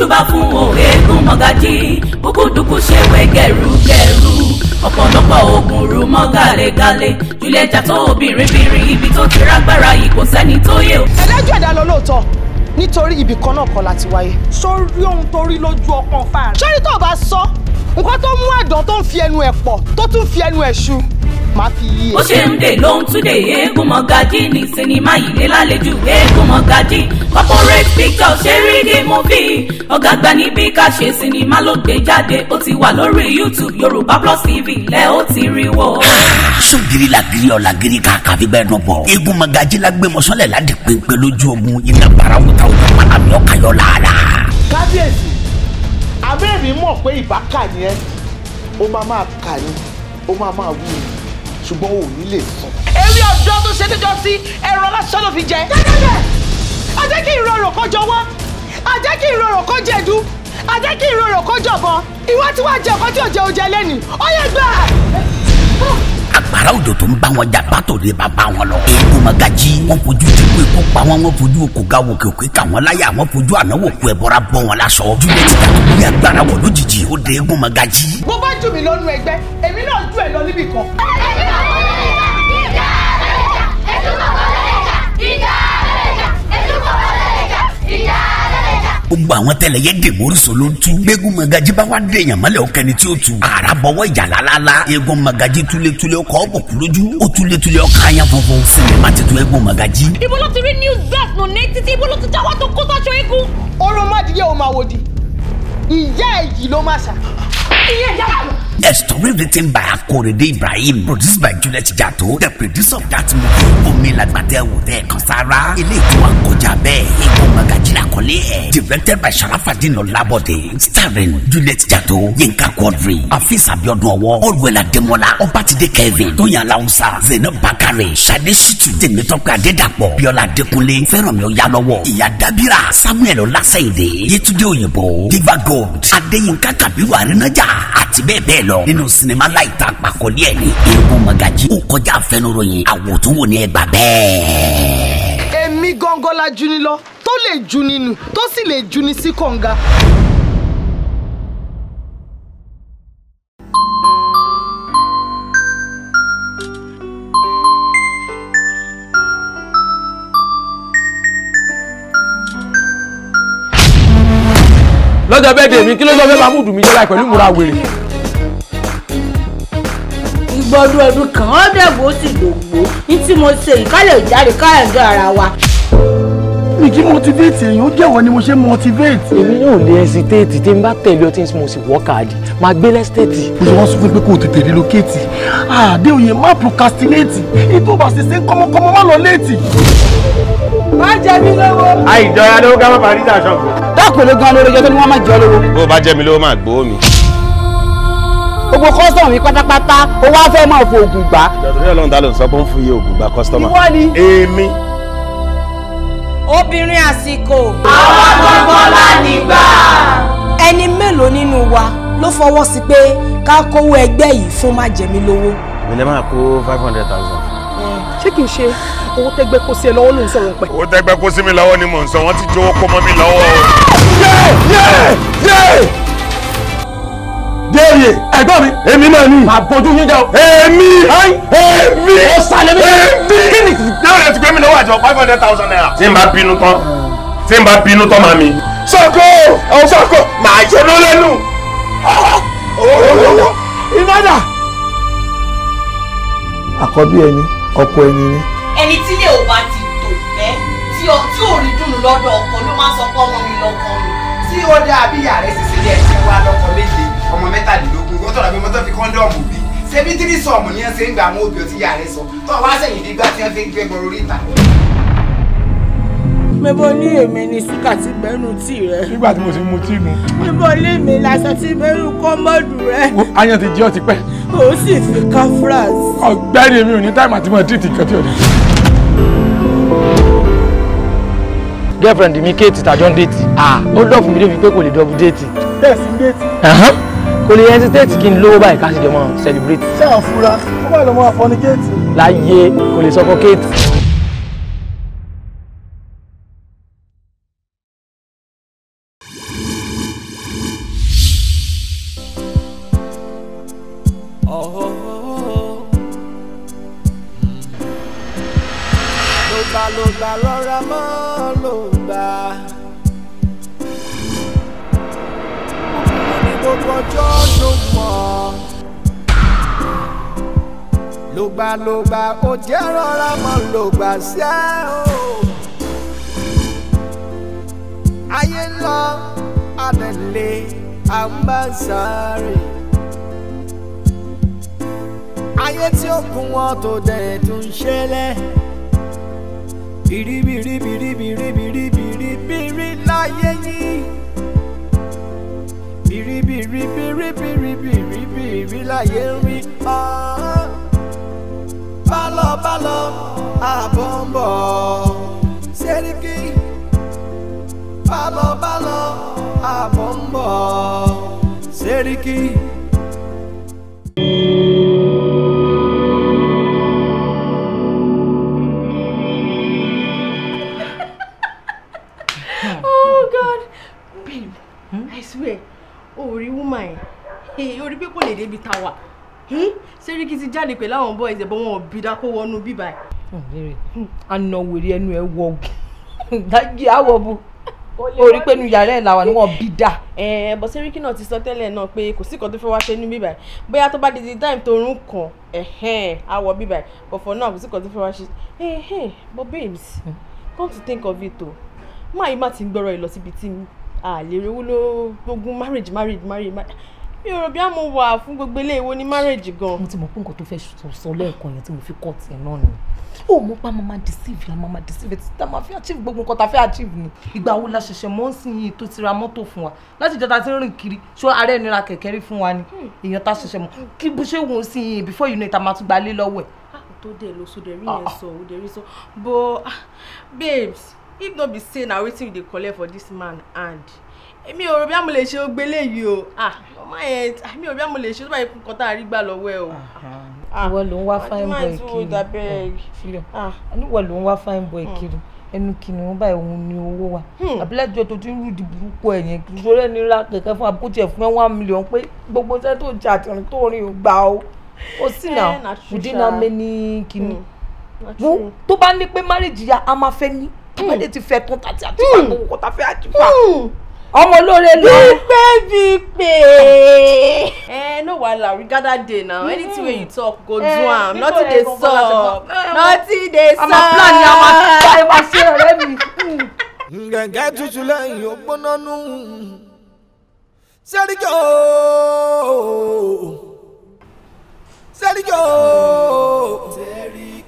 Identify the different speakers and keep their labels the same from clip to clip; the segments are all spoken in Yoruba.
Speaker 1: ṣùbà fún òwe egun mọ́gájí kúkúdùkú ṣe wé gẹ̀rúgẹ̀rú ọ̀pọ̀lọpọ̀ ogun rú mọ́ gàlégàlé jùlẹ̀ jà tó obìnrin bìnrin ibi tó ti rágbára yìí kò sẹ́ni tó yẹ.
Speaker 2: ẹlẹ́jọ́ ẹ̀dá lọ lóòótọ́ nítorí ibì kan náà kọ́ láti wáyé. sórí ohun tó rí lójú ọkàn fáàrí. sórí tó bá sọ nǹkan tó mú àdán tó ń fi ẹnu ẹ̀ pọ̀ tó tún fi ẹnu ẹ̀ ṣu má
Speaker 1: fi yí ẹ. ó ṣe ń dè lóhun túnde eégún mọ̀gájì ní sinimá yìí dé lálejò eégún mọ̀gájì corporate picture ṣe rí ní movie ọ̀gá gba níbi ká ṣe sinimá ló gbé jáde ó ti wà lórí youtube yorùbá plus tv lẹ́ ó ti rí wò.
Speaker 3: sógiri làgiri ọ̀làgiri ká kàfi bẹ́ẹ̀ dùn bọ̀ eégún mọ̀gájì la gbé mọ́sọ́lẹ̀ láti pèpè lójú ogun iná barawuta òjò àmì ọ̀kayọ̀ làálà. kábíyèsí
Speaker 4: abẹ́rẹ́ mọ̀ pé ìbá kà ni ẹ́ ó máa máa kà ni ó máa máa wú ni ṣùgbọ́n ò ní
Speaker 5: lè sùn.
Speaker 2: eré ọjọ́ tó ṣe tẹ́jọ́ sí ẹ̀rọ lásán ló fi jẹ. jẹ́jẹ́jẹ́ a jẹ́ kí ìrọ̀rùn kó jọ wọ́n a jẹ́ kí ìrọ̀rùn kó jẹ̀dú a jẹ́ kí ìrọ̀rùn kó jọ̀bọ̀n ìwọ tí wàá jẹ ọkọ tí ò jẹ oúnjẹ lẹ́nu ó yẹ gbà
Speaker 3: àgbàrá òjò tó ń bá wọn jà pátó lè bá bá wọn lọ. eégún magají wọn fojú dìbò ikú pa wọn wọn fojú òkòga òkè òkè kà wọn láyà wọn fojú ànáwó kú ẹbọra bọ wọn lásọ. júlẹ̀ ti dàtú bí agbára wọ̀ lójijì ó de eégún magají.
Speaker 4: bó bá jù mí lọ́nu ẹgbẹ́ èmi náà jù ẹ̀ lọ níbì kan.
Speaker 3: gbogbo àwọn tẹlẹyẹ dèmórísọ ló ń tú gbégún magají bá wá dèèyàn mọ́lẹ̀ ọ̀kẹ́ni tí ó tu ara bọ̀wọ́ ìjà lálálá eégún magají túlétúlé ọkọ̀ ọ̀bùkún lójú ó túlétúlé ọkọ̀ àyàn funfun sinimá ti tu eégún magají.
Speaker 2: ibo ló ti rí new zealand nù ní títí ibo ti jáwọ́ tó kó sọ́sọ́ eégún. orun mádìyẹ ò máa wò di ìyá
Speaker 6: èyí ló má ṣá ìyẹn ìyá bá lọ
Speaker 3: A story written by Akorede Ibrahim. Produced by Juliet Jato. The producer of that movie. Omi Lagbate Wòtẹ́ Kansara. Ilé ìtura kọjá bẹ́ẹ̀. Ìgbọ́ Magají Lakọ́lé ẹ̀. Directed by Sharafadin Olabode. Starring Juliet Jato. Yinka Quadri. Afis Abiodun Ọwọ́. Olwela Demola. Ọbatide Kevin. Tóyàn Lausa. Zainab Bakare. Sade Shitu. Tèmítọ́pẹ́ Adédàpọ̀. Bíọ́lá Adékúnlé. Fẹ́rànmi Oyálọ́wọ́. Ìyá Dábírà. Samuel Ọlásẹ̀yìndé. Yétúndé Òyìnbó. Diva Gold. Adéyínká Kàbírù Arínájà. Àti bẹ́ẹ̀ bẹ́ẹ̀ lọ lọ nínú sinimá láìta àpàkọ́lé ẹ̀ ní eégún magají ó kọjá àfẹnuròyìn àwòtúnwò ní ẹgbà bẹ́ẹ̀. èmi gángan
Speaker 2: la juni lọ tó lè juni nù tó sì lè juni sí kànga.
Speaker 7: lọ́jọ́ bẹ́ẹ̀ dèmí kí ló sọ fẹ́ máa mú dùn mí jẹ́ láì pẹ̀lú ìmúra wèrè gbọdún ọdún
Speaker 2: kan ó dẹ̀gbò ó sì dògbò ní tí mo ṣe ìkálẹ̀ ìjáde káyọ̀dọ̀ ara wa.
Speaker 8: mi kí motivate èèyàn ó jẹ́wọ́ ni mo ṣe motivate. èmi yóò lè hesitate tí n bá tẹ̀lé
Speaker 7: ọtí mo sì wọ́ káàdì máa gbé lẹ́sítẹ́ẹ̀tì. mo ṣe wọ́n sọ fún pé kò tètè relocate àdéhùnyẹ
Speaker 4: má procrastinate ètò òbàṣẹ ṣe ń kọ́mọkọ́mọ má lọ léètì. má jẹ mí lówó. àìjọra ló ká má parí ìtàn ṣọ́ọ̀bù. dákòló gan lórí ẹjọ́ tó ní wọ́n má jẹ́ lówó. bó o bá jẹ́ mi lówó máa gbowó mi gbogbo kọ́sítọ̀mù mi pátápátá ó wá fẹ́ máa fo oògùn gbà. ìjọba ọlọ́run dálò sọ pé ó ń fún iye oògùn gbà kọ́sítọ̀mù. ìwọ ni. èmi.
Speaker 2: obìnrin àsìkò. àwa gbọ́ngàn la nígbà. ẹni mélòó nínú wa ló fọwọ́ sí pé ká kówó ẹgbẹ́ yìí fún má jẹ mí lówó.
Speaker 4: mi lè máa kó five hundred thousand. ṣé kìí ṣe owó tẹgbẹ́ kó sí ẹ lọ́wọ́ ló ń sọ̀rọ̀ pẹ̀. owó tẹgbẹ́ kó sí mi lọ́wọ́ ni mò ń sọ wọ́n ti jówó kó mọ́ mi lọ́wọ́. yé déèrè ẹ̀gbọ́n mi. èmi náà ni. màá bójú yín jẹ o. èmi èmi ọ̀sálẹ̀ mi. èmi kí ni. déèrè ti gbé mi lọ́wọ́ àjọ five hundred thousand naira. tí n bá bínú tán tí n bá bínú tán màmí. sọ́kò sọ́kò màá jẹ́ ló lẹ́nu. ìnádà.
Speaker 9: àkọ́bí ẹni ọkọ ẹni ni.
Speaker 2: ẹni tí ilé ò bá ti tò fẹ́ tí ò tí ò rí dùn lọ́dọ̀ ọkọ ló máa sọ pé mi lọ́kọ mi tí ó dá abíyá rẹ̀ sì sílẹ̀ ẹ̀sìn
Speaker 3: wa lọ́kọ méje mẹ́tàdínlógún wọ́n tọ̀rọ̀ pé mọ́tò fi kọ́ńdọ̀mù bí ṣebí tírí sọ̀mù ni wọ́n ṣe ń gba àwọn obìnrin tí ìyá rẹ̀ sọ tó wá sẹ́yìn dígbà tí wọ́n fi ń gbé gbọ́ orí ìta.
Speaker 4: mẹ́bọ ní èmi ni ṣúgà ti bẹ́nu tí rẹ̀. nígbà tí mo ti mu tí nu. níbo ilé mi
Speaker 7: làṣọ ti bẹ́nu kọ́mọ́dù rẹ̀. ayan ti jẹ́ ọtí pẹ́. òun sì fi káfras. ọ̀gbẹ́ni mi ò ní táìmù àti mọ̀ títì kan tí ò ní. girlfriend mi kéètì tàjọ́ ń déètì. ó dọ̀ mi débi pé kò lè dọ̀bù déètì. bẹ́ẹ̀ sì déètì kò lè hesitate kí n lówó báyìí ká sì jọ mọ celebrate.
Speaker 8: ṣé àfúrá ó bá lọ mọ
Speaker 4: àfọnikéètì. láyé kò lè sọfọkéètì.
Speaker 6: lògbà lògbà ó jẹ́ rọra mọ́ lògbà ṣẹ́ o. ayé lọ àdẹ̀lẹ̀ à ń bá sáré. ayé tí ó kún wọn tó dẹ̀ tún ṣẹlẹ̀. bìrìbìrìbìrìbìrìbìrìbìrì láyé yìí bìrìbìrìbìrìbìrìbìrì láyé rí ah lọ bá lọ àbọ̀ ń bọ̀ Seriki bá lọ bá lọ àbọ̀ ń bọ̀ Seriki. Oh
Speaker 2: God, babe, hmm? I swear, orí woman yẹn, orí pípọ̀ lè débi tá a wà. Hmm? Seriki ti jáde pẹ̀lú àwọn boys ẹ̀ bọ́ wọn ò bí dákó wọnú bíbá ẹ̀. àna wèrè ẹnu ẹ wọ dájú àwọ̀ bu orí pé yàrá ẹ̀ làwọn wọn bí dá. ẹ ẹ bọ Seriki náà ti sọ tẹ́lẹ̀ náà pé kò sí kan tó fẹ́ wá ṣe ní bíbá ẹ̀ bóyá tó bá di di time tó rún kan ẹ̀hẹ́n àwọ̀ bíbá ẹ̀ bọ̀fọ̀ náà kò sí kan tó fẹ́ wá ṣe ẹ̀hẹ́n but babes hmm. come to think of it o máa yí má ti gbọ́rọ̀ ẹ̀ lọ síbi tí a lè marriage marriage marriage mi ò rò bí àmọ́ wà fún gbogbo eléyìí ní márèjì gan. mo ti mọ̀ pé nǹkan tó fẹ́ sọ lẹ́ẹ̀kan yẹn tí mo fi kọ́ tiẹ̀ náà ni ó mọ̀ pa mama deceive la mama deceive ti ta ma fi achieve gbogbo nǹkan ta fi achieve ni. ìgbà wo la ṣẹ̀ṣẹ̀ mọ́ ń sìn yìí tó ti ra mọ́tò fún wa láti jọta tí ń rìn kiri ṣó ara ẹni ra kẹ̀kẹ́ rí fún wa ni hmm. èèyàn ta ṣẹ̀ṣẹ̀ mọ́ kí bó ṣe wò ó sìn yìí before you know it a máa tún gba lé lọ́wọ́ ẹ̀. Ah, tó dẹ̀ lọ sódẹ̀ rí ah, yẹn ah. sọ òdẹ̀ rí sọ but babes if no be say na wetin you dey collect for this man hand èmi ò rò bí àmọ́ lè ṣe ó gbé léyìí o ah. Ah, ọmọ yẹn ah, mi ò rò bí àmọ́ lè ṣe tó bá yẹ kó nǹkan tá a rí gbà lọ́wọ́ ẹ o. ìwọ ló ń wá fine boy kiri ìwọ ló ń wá fine boy hmm. kiri ẹnu kìnìún wọn báyìí òun ni owó wa hmm. àbílẹ̀jọ tó ti ń rúdi burúkú ẹ̀ yẹn kì í sọ lẹ́ni ra kẹ̀kẹ́ fún abúkú tiẹ̀ fún ẹ one million pé gbogbo iṣẹ́ tó jà àtìrìn tó rìn gbà ó ó sì nà wùdínà mẹ́ni kìnìún hmm, wọn tó bá ní pé marriage ya a máa fẹ́ ní tó bá lè ti fẹ́ tán tàti àti pàgbọ́ kọ́ta fẹ́ àjùfà
Speaker 10: ọmọ olóore lọ.
Speaker 2: bípé bípé. ẹ eh, no wahala we gather day now mm. anything wey you talk go eh, do am nothing dey sup eh, nothing dey sup. àmọ́ plan ni a máa ṣe é máa ṣe ọ̀rẹ́
Speaker 6: mi. gẹ̀gẹ́ tuntun lẹ́yìn ògbóná nù sẹ́ríkò sẹ́ríkò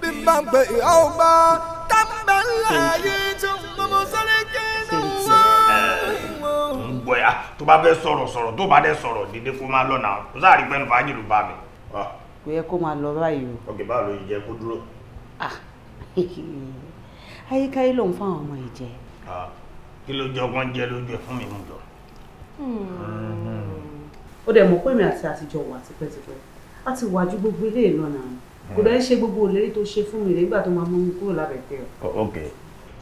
Speaker 6: bí n bá ń pè é ọ̀gbọ́n tá n bá láàyè tó ń mọ́mọ́ sọ́rí
Speaker 5: gbọ́ ya ah, tó bá fẹ́ sọ̀rọ̀ sọ̀rọ̀ tó bá dẹ̀ sọ̀rọ̀ dédé kó máa lọ́nà kó sáàrí pẹ́ẹ́nu fàájì ló bá mi. Ah. kò yẹ kó máa lọ báyìí o. ọkẹ báwo ló jẹ kó dúró. Ah. ayíkáyí ló ń fáwọn ọmọ ìjẹ. kí ló jọ wọn jẹ lójú ẹ fún mi mú jọ. Hmm.
Speaker 2: ó dẹ̀ mọ̀ pé mi àti àtijọ́ wà tipẹ́tipẹ́ a ti wà ju gbogbo ilé ìlànà
Speaker 5: kò dẹ̀ ṣe gbogbo òlérí tó ṣe fún mi nígbà tó máa mú mi kúrò lábẹ́ tẹ̀.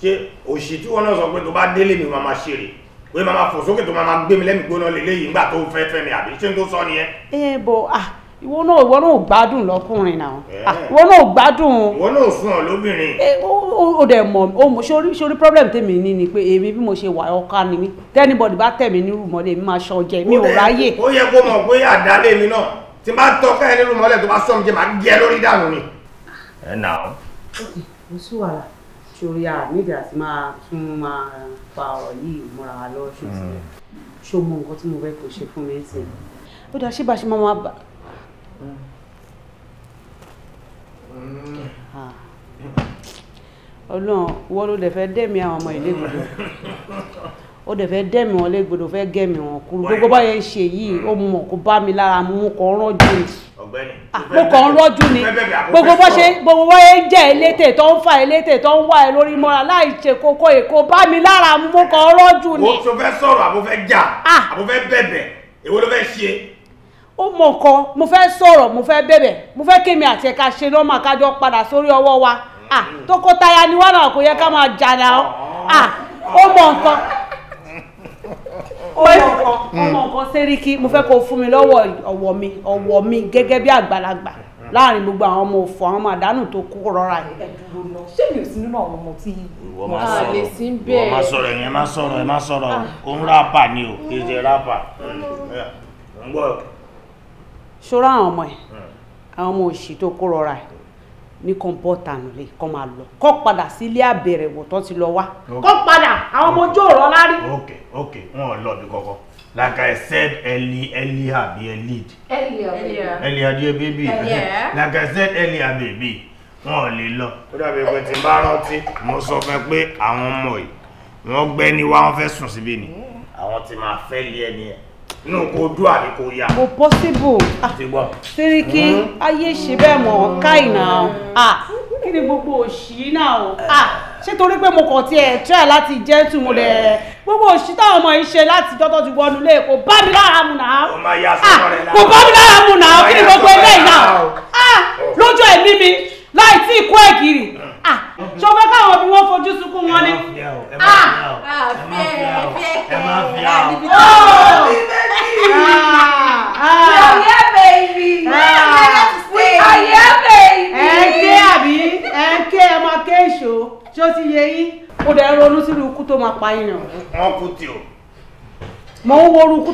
Speaker 5: ṣé òṣì tí wọn náà sọ pé tó bá délé mi máa máa ṣeré pé màmá fò sókè tó màmá gbé mi lẹ́mìí gbóná lélẹ́yìí nígbà tó fẹ́ fẹ́ mi àbí ṣé n tó sọ nìyẹn.
Speaker 2: ẹ bọ ah ìwọ náà ìwọ náà gbádùn lọkùnrin náà ìwọ náà gbádùn. ìwọ náà sùn ọ lóbìnrin. ó dẹ̀ mọ̀ ó mọ̀ sórí sórí problem tèmi ní ni pé èmi bí mo ṣe wà ọ̀ka ni mí tẹ́nibọ̀dì bá tẹ̀ mí nírú mọ́lẹ̀ mi máa ṣan jẹ mi ò ráyè. ó
Speaker 4: yẹ kó mọ̀ pé àdálé mi náà tí bá tọ́ka ẹ nírú mọ́lẹ̀ tó bá sọ mi jẹ máa jẹ lórí dànù ni. ẹ nà ó. ó sì wà láà sórí àníbi àti máa
Speaker 2: tún máa fa ọ̀rọ̀ yìí múra wa lọ ṣùtì ṣó mọ nǹkan tí mo fẹ́ kó ṣe fún mi sí i. ó dá ṣé bá ṣe máa máa ọlọ́run wọ́n ló lè fẹ́ dẹ́mi àwọn ọmọ ìlẹ́gbẹ̀ẹ́ ó dẹ̀ fẹ́ dẹ̀mí wọn légbodò fẹ́ gẹ̀mí wọn kúrú gbogbo bá yẹn ṣe yìí ó mọ̀ kó bá mi lára mu mo kàn ah,
Speaker 10: rọ́jú ni mo kàn rọ́jú ni gbogbo bá ṣe
Speaker 2: gbogbo bá yẹn jẹ́ elétè tó ń fa elétè tó ń wá ẹ lórí mọ́ra láì ṣe kókó èkó bá mi lára mu mo rọ́jú ni. o
Speaker 4: fẹ́ sọ̀rọ̀ àbò fẹ́ jà ah. àbò fẹ́ bẹ̀bẹ̀ èwo ló fẹ́ ṣe.
Speaker 2: ó mọ nǹkan mo fẹ́ sọ̀rọ̀ mo fẹ́ bẹ̀bẹ̀ mo fẹ́ kémi àti ẹ̀ka ah, mm. oh. ó mọ nǹkan
Speaker 10: ọmọ hmm.
Speaker 2: nǹkan sẹ́ríkì mo fẹ́ kó fún mi lọ́wọ́ ọ̀wọ̀ mi ọ̀wọ̀ mi gẹ́gẹ́ bí àgbàlagbà láàrin gbogbo àwọn ọmọ òfò àwọn ọmọ àdánù tó kó rọra yìí. ṣé mi ò sí nínú àwọn ọmọ tí wọn á lè sí ń
Speaker 5: bẹ́ẹ̀. wọ́n máa sọ̀rọ̀ ẹ̀yìn máa sọ̀rọ̀ ẹ̀ máa o òun rábà ni o kì í ṣe rábà.
Speaker 2: ṣọ́ra àwọn ọmọ ẹ̀ hmm. àwọn ọmọ òṣì tó kó rọra yìí ní kàn bọ́ tànù rè kàn máa lọ kàn padà sílé àbẹ̀rẹ̀ wò tán ti lọ wá kàn padà àwọn ọmọ ojú ọ̀rọ̀ lárí.
Speaker 5: ok ok wọn ò lọ bí kọkọ like i said early earlier be a lead
Speaker 2: earlier
Speaker 6: earlier dear baby like i
Speaker 5: said earlier baby wọn ò lè lọ. ó dàbí pé tí n bá rántí mo sọ fún pé àwọn ọmọ yìí wọn gbẹ ní wa fẹ́ sùn síbí ni àwọn ti máa fẹ́ lé ẹni yẹn inú kò dú àbí kò yá. kò possible. Ah, ti gbọ́.
Speaker 2: siriki hmm? ayé ṣe bẹ́ẹ̀ mọ̀ káì náà ah, kí ni gbogbo òṣì náà o ah, ṣé torí pé mo kàn tiẹ̀ try láti jẹ́ tùmù rẹ̀ gbogbo òṣì táwọn ọmọ yìí ṣe láti tọ́tọ́ ti wọnú lé kò bá mi lára mu náà kò bá mi lára mu náà.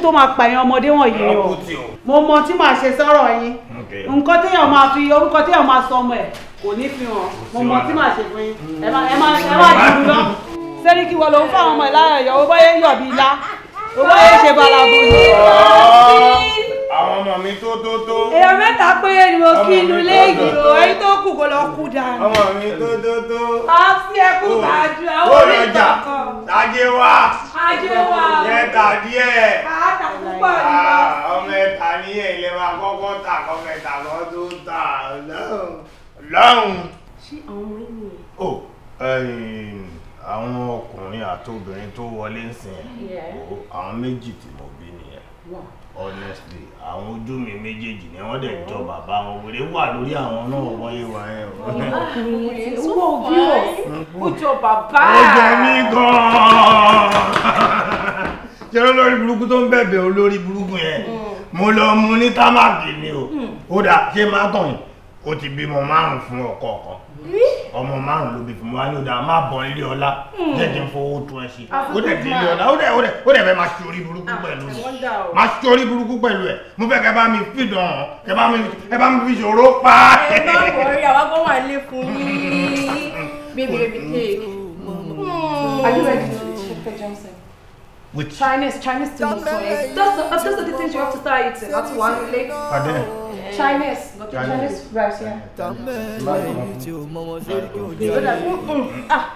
Speaker 2: tó máa pààyàn ọmọdé wọ̀nyí o mo mọ tí màá ṣe sọ̀rọ̀ yín nǹkan téèyàn máa fi orúkọ téèyàn máa sọ ọmọ ẹ̀ kò ní fi hàn mo mọ tí màá ṣe fún yín ẹ má ẹ
Speaker 1: má
Speaker 10: dùn lọ
Speaker 2: sẹ́ríkì wọ lòun fún àwọn ọmọ ẹ̀ láyọ̀ yọ̀ owó bóyá ń yọ̀ bí ilá owó yẹn ṣe balabolo
Speaker 5: àwọn ọmọ mi tó tó tó. èèyàn mẹ́ta péré ni mo kí inú léègì o ẹni tó
Speaker 2: kù kó lọ kú dànù. ọmọ mi tó tó tó. a fi ẹkú bàájú àwọn orí kankan. tajé wa. tajé wa. yẹta díẹ̀. a ta púpọ̀ nípa. Ah,
Speaker 5: ọmọ ẹ̀ta ní ilé wa kọ́kọ́ ta ọmọ ẹ̀ta kan tó ta lọ́hùn. lọ́hùn.
Speaker 10: ṣé àwọn ọmọ yìí nìyẹn.
Speaker 5: Oh, o ẹyìn àwọn ọkùnrin àti obìnrin tó wọlé ń sìn ẹ̀ oh, àwọn méjì tí mo bí nìyẹn honestly àwọn ojú mi méjèèjì ni wọ́n dẹ̀ jọ bàbá wọn wèrè wà lórí àwọn náà wọ́n yé wa ẹ̀ o.
Speaker 2: ọkùnrin
Speaker 5: tó wọ́n ó jọ
Speaker 2: bàbá. ó jọ mí gan-an.
Speaker 5: ṣé olórí burúkú tó ń bẹ̀bẹ̀ olórí burúkú yẹn mm. mo lọ mu ní támàkì ni o mm. ó dà ṣé má tàn yìí ó ti bímọ márùn-ún fún ọkọ kan ọmọ márùn ló bí fún wa ní ọdà má bọ̀ nílé ọlá hmm. jẹ́ fowó tún ẹ ṣe ó dẹ̀ di ilé ọlá ó dẹ̀ fẹ́ máa ṣe orí burúkú ah, pẹ̀lú ẹ̀ máa ṣe orí burúkú pẹ̀lú ẹ̀ mo fẹ́ kẹ́ bá mi fìdàn kẹ́ bá mi kẹ́ bá mi fi ṣòro pa. ẹ má bọ̀ rí àwa kó wà lé fún yín
Speaker 2: bébí bébí kéèké. Which Chinese, China's to me That's the the things you have to That's one plate. Chinese, Chinese rice, ah,
Speaker 6: oh,
Speaker 2: ah,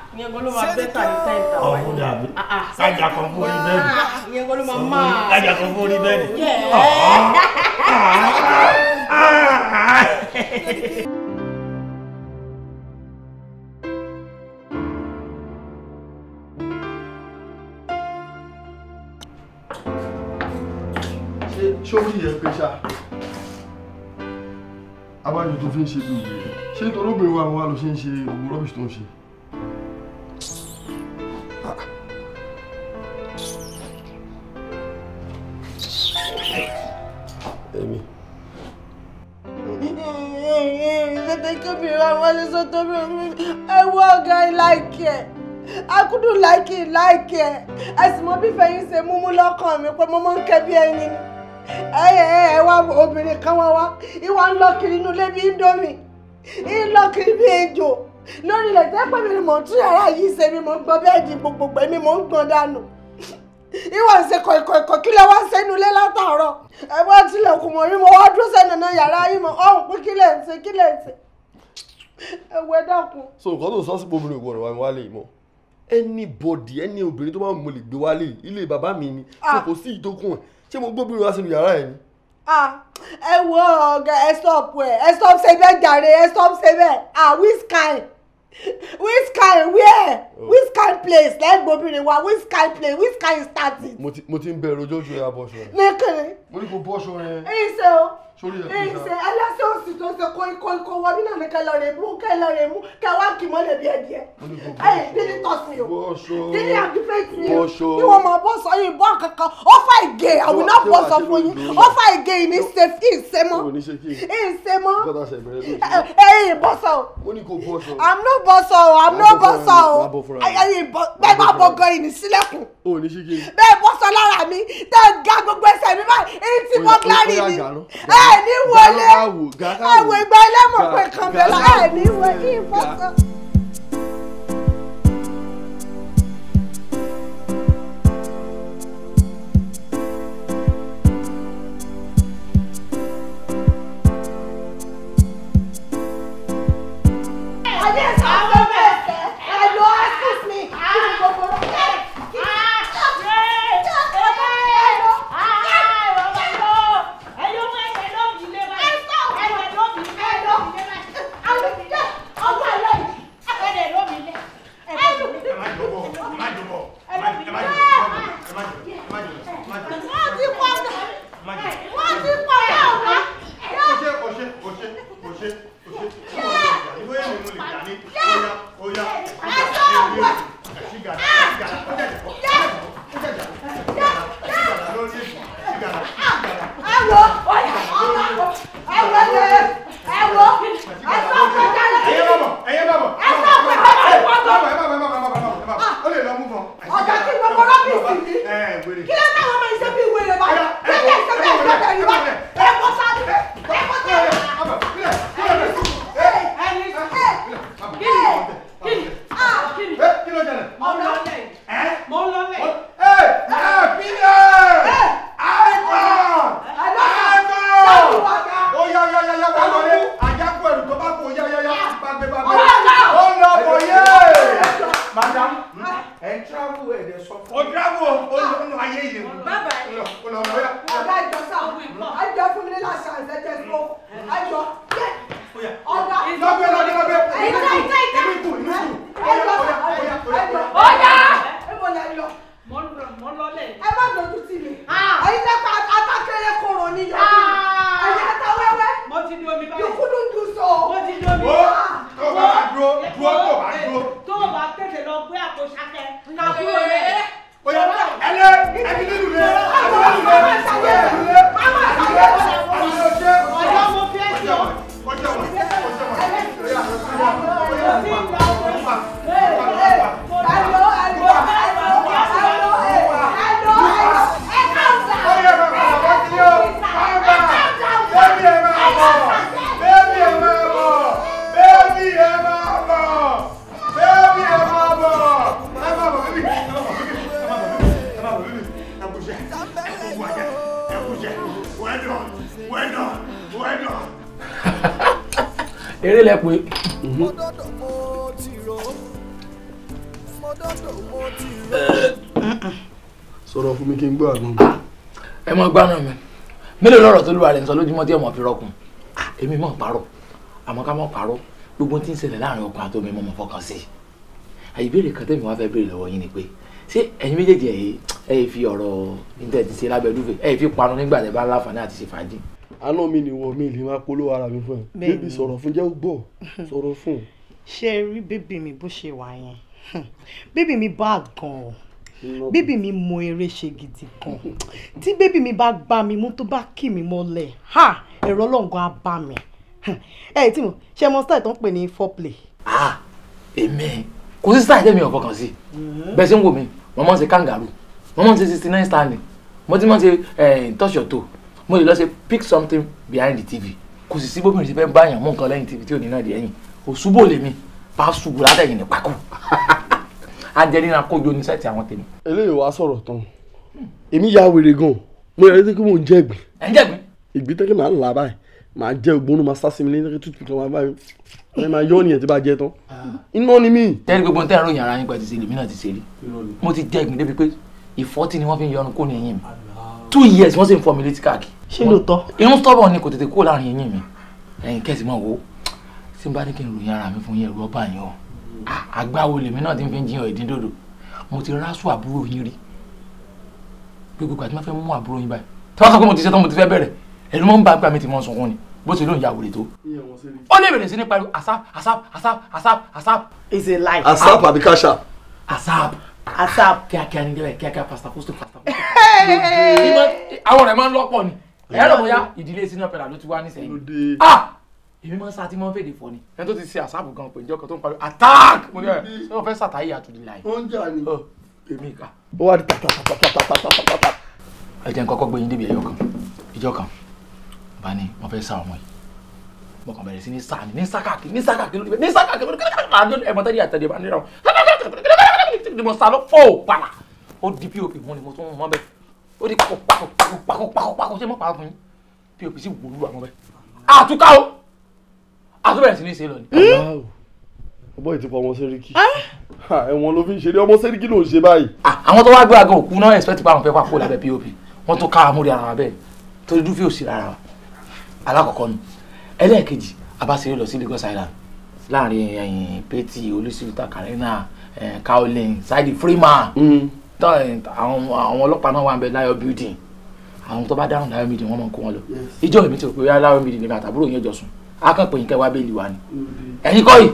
Speaker 10: ah, yeah. ṣé
Speaker 8: ṣókì yẹn pé ṣá abájọ tó fi ń ṣe bí ìwé ṣé nítorí obìnrin wa wà ló ṣe ń ṣe gbogbo rọ́bìṣì tó ń ṣe.
Speaker 2: I couldn't like it like it. Ẹ̀sìn mọ́ bí fẹ̀yìn ṣe mú mú lọ́kàn mi pé mo máa ń kẹ́ bí ẹ ẹ wá obìnrin kan wá wá ìwà ń lọ kiri inú ilé bíi indomie ń lọ kiri bíi ejò lórí ilẹ̀ tẹ́ mi ni mò ń tún yàrá yìí ṣe mi mò ń gbọ́n bẹ́ẹ̀ di gbogbo mi mò ń gbọ́n dànù ìwà ń ṣe kọ̀ìkọ̀ìkọ̀ kí lẹ wá sẹ́nu ilé látàárọ̀ ẹ wá tilẹ̀kùn mọ̀ rí mo wá dúró sẹ́nu náà yàrá yìí mọ̀ ọ̀hún pé kí lẹ̀ ń ṣe kí lẹ̀ ń ṣe ẹ wẹ dákun.
Speaker 8: so nǹkan tó sọ sí gbogbo ìwọ̀n wa ni wálé mọ́ anybody any obìnrin tó bá mọ̀ lè gbé wálé ilé bàbá mi ni so ah. kò sí ìdókùn ẹ̀ ṣé mo gbóbìnrin wá sínú yàrá ẹ̀ ni.
Speaker 2: ẹ wo ọ̀gá ẹ stop ẹ ẹ stop ṣe bẹ́ẹ̀ jàre ẹ stop ṣe bẹ́ẹ̀ ah which kind which kind where oh. which kind place lẹ́yìn gbóbìnrin wa which kind place which kind starting.
Speaker 8: mo ti ń bẹ̀rù ojoojúmọ́ abọ́ṣọ rẹ̀. ní kiri. mo ní kò bọ́ṣọ rẹ̀. èyí ṣe o ṣe
Speaker 2: ẹlẹ́sẹ̀ òsì tó ṣe kó ikọ́ ikọ́ wọnú náà ní kẹlọ rẹ̀ mú kẹlọ rẹ̀ mú kẹwà kì mọ́ lè bí ẹdìẹ.
Speaker 8: ẹyìn dídí tọ̀sí o dídí àdúfẹ́tì o kí wọ́n
Speaker 2: mọ̀ bọ́ sọ yìí bọ́ kankan ó fà ìgè àwọn náà bọ́ sọ fún yín ó fà ìgè yìí ní sèfì ìsèmọ́ ìsèmọ́ ẹyìn bọ́ sọ o. mo ní kò bọ́ sọ. I'm no bọ́ sọ o I'm no bọ́ sọ o ẹyìn bẹ́ẹ̀ bá bọ́ gan yìí ní sílẹ̀kùn o ní ṣíkì. bẹ́ẹ̀ bọ́ sọ lára mi tẹ́ ẹ ga gbogbo ẹsẹ̀ mi báyìí èyí
Speaker 10: tí mo gláàrí ni
Speaker 6: ẹ ní wọlé ẹ wò ìgbà ẹlẹ́mọ̀ pé kan bẹ̀rẹ̀ ẹ ní wọlé ìfọ̀sọ.
Speaker 7: eré lẹ pé.
Speaker 8: sọ̀rọ̀ fún mi kí n gbọ́ àgbọn. Ah, ẹ mọ gbáná mi
Speaker 7: mélòó lọ́rọ̀ tó lùwà rẹ̀ ń sọ lójúmọ́ tí ẹ mọ̀ fi rọkùn ah, èmi mọ̀ parọ́ àmọ́ ká mọ̀ parọ́ gbogbo tí ń ṣẹlẹ̀ láàrin ọkùnrin àti omi mọ̀ mọ̀ fọkàn sí i ìbéèrè kan tẹ́mi wá fẹ́ béèrè lọ́wọ́ yín ni pé ṣé ẹ̀yin méjèèjì ẹ̀ ẹ̀ fi ọ̀rọ̀ intanet ṣe lábẹ́ dúfẹ́ ẹ̀ fi panu nígbà tẹ́ bá láǹfààní àti ṣèfàájì
Speaker 8: àná mi ni wọ mi lè máa polówó ara mi fún ẹ bébì sọ̀rọ̀ fún jẹ́ gbọ́ sọ̀rọ̀ fún.
Speaker 2: ṣé ẹ rí bébì mi bó ṣe wà yẹn bébì mi bá gan
Speaker 10: o bébì
Speaker 2: mi mọ eré ṣe gidi gan tí bébì mi bá gbá mi mú tó bá kì mí mọ́lẹ̀ ha ẹ̀rọ ọlọ́ngàn á bá mi ẹ tí mo ṣe mọ style tó ń pè
Speaker 7: ní foreplay. ah èmi kò sí style tẹ̀mí ọ̀fọ̀ kan sí mm-hmm. bẹ́ẹ̀ ṣe ń wò mí mo máa ń ṣe kangaroo mo máa ń ṣe sixty nine stanley mo ti máa ń ṣe eh, touch your toe mo lè lọ ṣe pick something behind the tv kò sì sí bóbìnrin ti fẹ́ bá yàn mú nǹkan lẹ́yìn tv tí ò ní náà di ẹ̀yìn òṣùbò lèmi bá ṣubú látẹ̀yìn ní pákó ajẹ́nira kójú ní sẹ́ẹ̀tì
Speaker 8: àwọn tèmi. eléyìí wàá sọ̀rọ̀ tán èmi ya wèrè gan mo yẹ kí mo jẹ ìgbín. ẹ ń jẹ ìgbín. ìgbín tẹ́kẹ́ máa ń là báyìí máa jẹ ògbónú máa sásìmí lẹ́yìn tẹ́kẹ́ tútù kan máa báyìí ẹ máa yọ nìyẹn tí bá jẹ tán. iná ni mí. tẹ́lẹ̀ gbogbo tẹ́lẹ̀ ròyìn ara
Speaker 7: yín gba ti ṣe lèmi náà ti ṣe rí mo ti jẹ ìgbín débi pé ìfọ́tí ni wọ́n fi ń yọnu kó ní ẹ̀yìn mi two years wọ́n sì ń fọ mi létí káàkiri ṣé lóòótọ́. irun stubborn ni kò tètè kúrò láàrin eyín mi ẹ̀yin kẹ́sì mọ̀ wo tí n bá ní kí n ròyìn ara mi fún yín ẹ̀rù ọba o àgbáwo lèmi náà ti fi ń jiyàn ìdíndòdò mo ti rásù àbúrò yín rí gbogbo àti má fẹ́ mú àbúrò yín báyìí tí wọ́n sọ pé mo ti ṣe tán mo ti fẹ́ bẹ̀rẹ̀ ẹ̀rù mọ́ ń bá gbà mi ti mọ́ sunkún ni bó ṣe ló ń ya wèrè tó. ó lè bẹ̀rẹ̀ sí ní pariwo asap asap asap asap asap. is it like. asap àbí kasha. asap asap. kíákíá ni dẹ́rẹ̀ kíákíá pasta posto pasta posto. àwọn rẹ̀ máa ń lọ́pọ̀ ni ẹ̀yà lọ bóyá ìdílé sínú ọ̀pẹ̀lá ló ti wá nísìnyí ah èmi máa ń sa tí mo ń fèdè fọ ni ẹni tó ti ṣe àṣàbù gan pé ìjọ kan tó ń parí attack mo ní ẹ ṣé o fẹ́ ṣàtàyè àtúndì láì. ó ń jà ní. èmi kà. ó wá di tàtàtàtàtàtàtàtà. ẹ jẹ́ n kọ́kọ́ gbé yín débi ẹ̀yọ kan ìjọ kan bá ní mo fẹ́ sá ọmọ yìí mo kàn bẹ̀rẹ̀ sí ní sáà ní sákàkì ní sákàkì lórí ní sákàkì lórí àjọ ẹ̀mọ́ tẹ́lẹ̀ àtẹ̀lẹ̀ bá nírọ̀ mo sá lọ fọ́ọ̀ pàlà ó di pop mo ni mo tún mọ́ bẹ́ẹ̀ ó ní pàkó pàkó pàkó pàkó pàkó ṣé mo pàkó fún
Speaker 8: yín pop sì wúlò àwọn bẹ́ẹ̀
Speaker 7: àtúkà o àtúbẹ̀rẹ̀ sí ní ṣe lọ ni. Hmm?
Speaker 8: ọbọ̀ ìtìpọ̀ ọmọ sẹ́ríkì ah! ẹ̀wọ̀n ló fi ń ṣeré ọmọ sẹ́ríkì ló ń ṣe báyìí.
Speaker 7: Ah, àwọn tó wá gbé aago òkú náà expect pa àwọn fẹ́ pàkó lábẹ́ pop wọ́n tó ká amúre ara wa bẹ́ẹ̀ torí dúfẹ́ ò sí ara wa alákọ̀ọ́kọ́ nu ẹlẹ́ẹ̀kejì abáṣeré lọ sí Lagos Island láàrin pétí olùsílùtà Karina eh, Kaolin Saidi Freeman hmm àwọn ọlọ́pàá náà wà ń bẹ láyọ̀ building àwọn tó bá dáhùn láyọ̀ mídìí wọ́n máa ń kó wọn lọ ìjọ èmi ti rò pé láyọ̀ building. lèmi àtàbúrò yẹn jọ sùn akànpọ̀ yín kẹwàá bẹ́ẹ̀lì wa ni mm-hmm. ẹ̀yin kọ́ yìí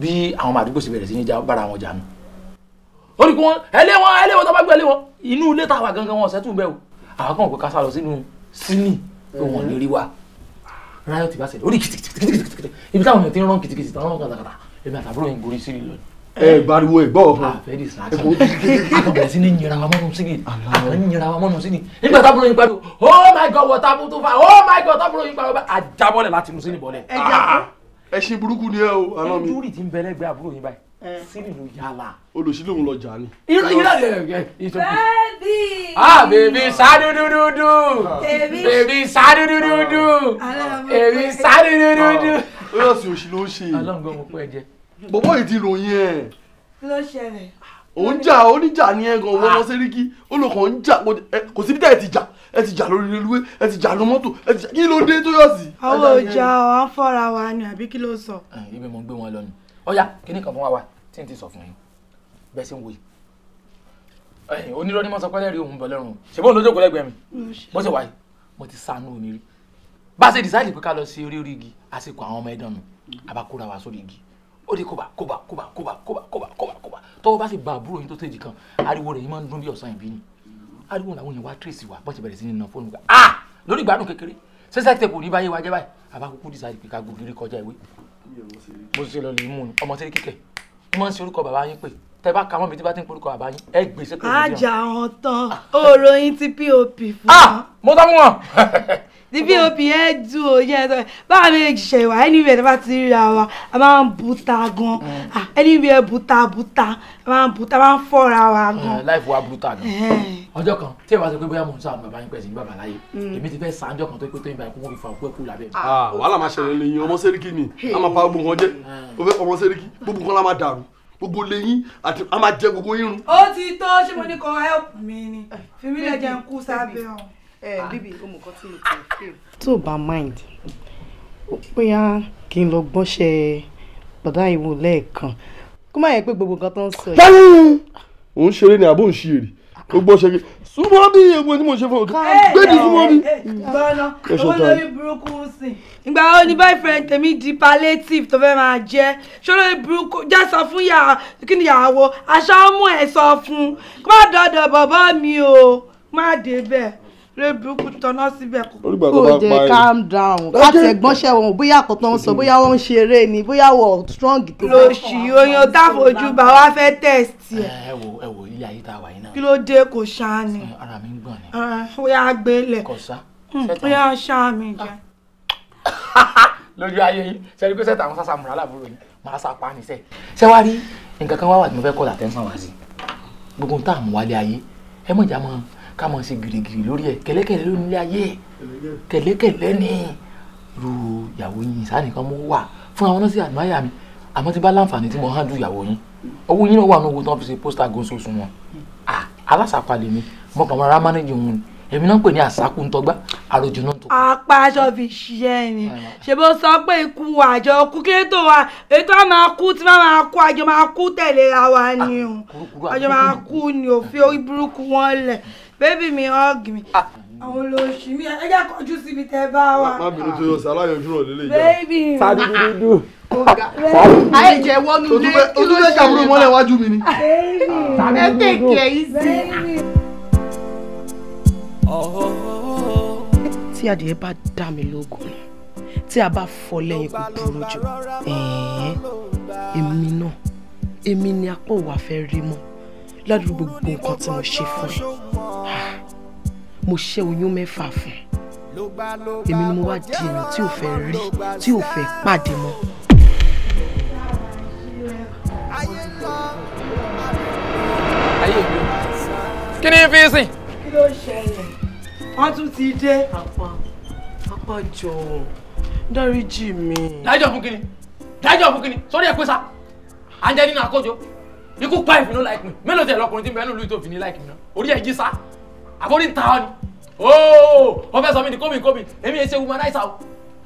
Speaker 7: bí àwọn màdúgbò sì bẹ̀rẹ̀ sí ní bára wọn jà nù. ó ní kí wọ́n ẹlé wọn ẹlé wọn tó bá gbé ẹlé wọn inú ilé tá a wà gangan wọn ṣẹ́tù bẹ́ẹ̀ o àwọn kan kò ká sá lọ sínú sínì pé wọ́n lè rí wa ráyọ̀ ti bá ṣẹlẹ̀ ó ní kìtìkìtì ibi táwọn èèyàn ti ń rán kìtìkìtì táwọn kàtàkàtà èmi àtàbúrò yẹn gorí sí ìlọrin
Speaker 8: ẹ gbariwo ẹ gbọ́. àfẹ́rì
Speaker 7: sàásì àbẹ̀rẹ̀ sí ni nyira wa mọ́nu sí ni àbẹ̀rẹ̀ ni nyira wa mọ́nu sí ni nígbà tábúrò yín pariwo oh my god wọ́n tábú tó fa oh my god tábúrò yín pariwo àjábọ̀lẹ̀ láti mú sí ni bọ̀lẹ̀.
Speaker 8: ẹ ah, ṣe burúkú ni ẹ o àná mi. ẹ júrì ti ń bẹ lẹ́gbẹ̀ẹ́ àbúrò yín báyìí
Speaker 7: sínú ló yàrá.
Speaker 8: olùsí lòun lọ jà ni. irọ́ irọ́ rẹ̀ ìtọ́jú.
Speaker 7: bẹ́ẹ̀bì. ah bèbí
Speaker 8: sádúdúdúdú. bèbí sádúdúdúdú. Ah. bèbí sádúdúdú. Ah, ó yọ sí òsì ló ń ṣe. aláǹgọ́ mo pẹ́ jẹ bọ́bọ́ yìí ti ròyìn ẹ̀.
Speaker 2: kí ló ṣẹlẹ̀.
Speaker 8: òun jà oníjà ni ẹ gan owó ọmọ sẹ́ríkì ó lò kàn ń jà kò síbi tá ẹ ti jà ẹ ti jà lórí rélùwé ẹ ti jà lọ mọ́tò ẹ ti jà kí ló dé tó yọ̀ sí. àwọn ọjà
Speaker 7: ọ̀ á fọ́ra wa ni àbí kí ló sọ. ibi mo gbé wọn lọ ni ọ̀ya kíní kan fún wa wa tí n ti sọ fún yín bẹ́ẹ̀ sì ń wòye onírọ́ ni mo sọ pé lẹ́rìí òun bọ̀ lọ́rùn ṣe bóun lójókòó lẹ́gbẹ̀ẹ́ mi bó ṣe wáyé mo ti sànú onírí bá a ṣe dìsáìdì pé ká lọ sí orí orí igi àsìkò àwọn ọmọ ẹ̀dán mi àbá kóra wa sórí igi ó di kóbá kóbá kóbá kóbá kóbá kóbá kóbá kóbá tọ́wọ́ bá sì ba àbúrò yín tó tẹ̀jì kan ariwo rẹ̀ yín máa ń dún bí ọ̀sán ìbí ni ariwo làwọn èèyàn wá tírèsì wa bọ́sẹ̀ bẹ̀rẹ̀ sí ní na fóònù ká ah lórí ìgbádùn kékeré sẹ́sẹ́ tẹ̀ kò ní báyé wa jẹ́ báyìí àbá kúkú dísà pé ká gògiri kọjá ìwé mo ṣe lọ lè mú un ọmọ tẹ́lẹ̀ kíkẹ́ mo máa ń ṣe orúkọ bàbá yín pé tẹ bá ka mọ́ mi tí bá ti ń porúkọ bàbá
Speaker 4: yín ẹ gbèsè e pé. ajá
Speaker 2: wọn tán oròyìn ti pop fún ah! wọn. mo tọ́ fún wọn the pop ẹ dùn o yẹ ẹ báwa méjèèjì ṣe wà anywhere tó bá ti ríra wa a máa ń buta gan mm. anywhere ah, buta buta a máa ń buta a máa ń fọ́ra
Speaker 8: wa eh, gan.
Speaker 7: láìpẹ́ wa buta gan ọjọ́ kan tí ẹ bá sọ pé bóyá mò ń sàánú bàbá yín pẹ̀sì ní bàbá láyé mm. èmi ti fẹ́ sàánjọ́ kan tó pé tó ń bá ikú wọn fi fa òkú ẹ̀kú làbẹ́.
Speaker 8: Ah, wàhálà máa ṣẹlẹ̀ lẹ́yìn ọmọ sẹ́ríkì ni a máa pa gbogbo nǹkan jẹ́ o fẹ́ ọmọ sẹ́ríkì gbogbo nǹkan la máa dàrú gbogbo lẹ́yìn àti a máa jẹ gbogbo irun.
Speaker 7: ó
Speaker 2: ti tó ṣé mo ní kọ help mi ni fi mí lè jẹun kú sábẹ́ ọ. Eh, ah. bíbí o tó ah. bá mind bóyá kí n lọ gbọ́nṣẹ́
Speaker 8: bàdá ìwò lẹ́ẹ̀kan
Speaker 2: kó má yẹ pé gbogbo nǹkan tó ń sọ yìí.
Speaker 8: òun ṣeré ni àbó ń ṣe èrè gbogbo ṣe súnmọ́
Speaker 2: bí ewu ni mo ṣe fún ọ gbẹ́dì súnmọ́ bí. Eh, eh, gbọ́nà owó lórí burúkú sìn. ìgbà wo ni boyfriend tèmi di palliative tó fẹ́ máa jẹ́ ṣọlọ́rí burúkú jẹ́ sọ fún yàrá kí ni ìyàwó aṣọ ọmú ẹ̀ sọ fún kó má dọ̀dọ̀ bàbá mi o má débẹ̀ rébùkù tọ́nà síbẹ̀ kò
Speaker 6: kò jẹ́ calm
Speaker 2: down láti ẹ̀gbọ́n ṣẹ̀wọ̀n o bóyá àkọ́tọ̀ ń sọ bóyá wọ́n ń ṣeré ni bóyá wọ́n strong tó bá. lòṣì oyan táfojú bá wá fẹ́ tẹ̀sí ẹ̀.
Speaker 7: ẹ wo ẹ wo ilé ayé tá a wà yín náà.
Speaker 2: kí ló dé kò ṣáá ni. ara mi ń gbọ̀n ni. bóyá gbélé
Speaker 7: bóyá hmm, ṣáá mi jẹ. Ah. lójú ayé yìí sẹ́ni pé sẹ́ta àwọn sásà múra láàbúrò yìí máa sá pa ní sẹ́ ṣé wá rí nǹkan kan wá wà tí mo fẹ́ kọ́ ká máa ṣe gìrìgìrì lórí ẹ̀ kẹ̀lẹ́kẹ̀lẹ́ ló nílé ayé kẹ̀lẹ́kẹ̀lẹ́ ní irú ìyàwó yín sánìkan mo wà fún àwọn náà sí àdúmáyà mi àmọ́ tí bá láǹfààní tí mo hàn dùn ìyàwó yín owó yín náà wà nínú owó tí wọ́n fi ṣe pósítà gọ́sọ̀ọ̀sùn wọn alásàpalẹ̀ mi mo kàn máa rá mánéjì èmi náà pè ní àsákù ntọ́gbá àròjù náà tó.
Speaker 2: apá aṣọ fi ṣiṣẹ́ ni ṣe bó sọ pé ikú àjọ kú kí ètò wa ètò a máa kú tí máa kú àjọ máa kú tẹ̀lé ra wa ni ah, o àjọ máa kú ni òfin orí burúkú wọn lẹ̀ Baby, mi hug me. Ah. àwọn olóòṣì mi ẹ jẹ́ kọjú síbi tẹ́ bá wa. má bínú tó yọ
Speaker 8: sí aláyanjú rẹ̀ lélẹ̀ ìjà. bébì mi sáré dúdú.
Speaker 2: Ah, ayé jẹ wọnú lé kí ló ṣe lè bá wájú mi ni. bébì ah, ẹ tẹ̀kẹ̀ yìí sí. tí adìyẹ bá dá mi lógún ni tí a bá fọ lẹ́yìn kò burú jù èmi náà èmi ni apò wà fẹ́ rí mọ́ ládùúgbò gbogbo nǹkan tí mo ṣe fún ẹ mo ṣẹ́ oyún mẹ́fà fún èmi ni mo wá di èèyàn tí ò fẹ́ rí tí ò fẹ́ pàdé mọ́. kí ni fi sìn. kí ló ṣẹlẹ̀ wọ́n tún ti dé.
Speaker 7: apá apá jọ̀ọ́ dáríjì mi. dájọ́ fún kínní dájọ́ fún kínní sórí ẹ̀ pé sá à ń jẹ́ nínú àkójọ ikú pa if you no like me mélòó tẹ lọkùnrin tí mẹ́nu lu ìtòfì ní like me náà orí ẹ̀ jí sá àbórí ń ta ọ ni ooo wọ́n fẹ́ sọ mí ní kómi kómi èmi ẹ̀ ṣe womanizer o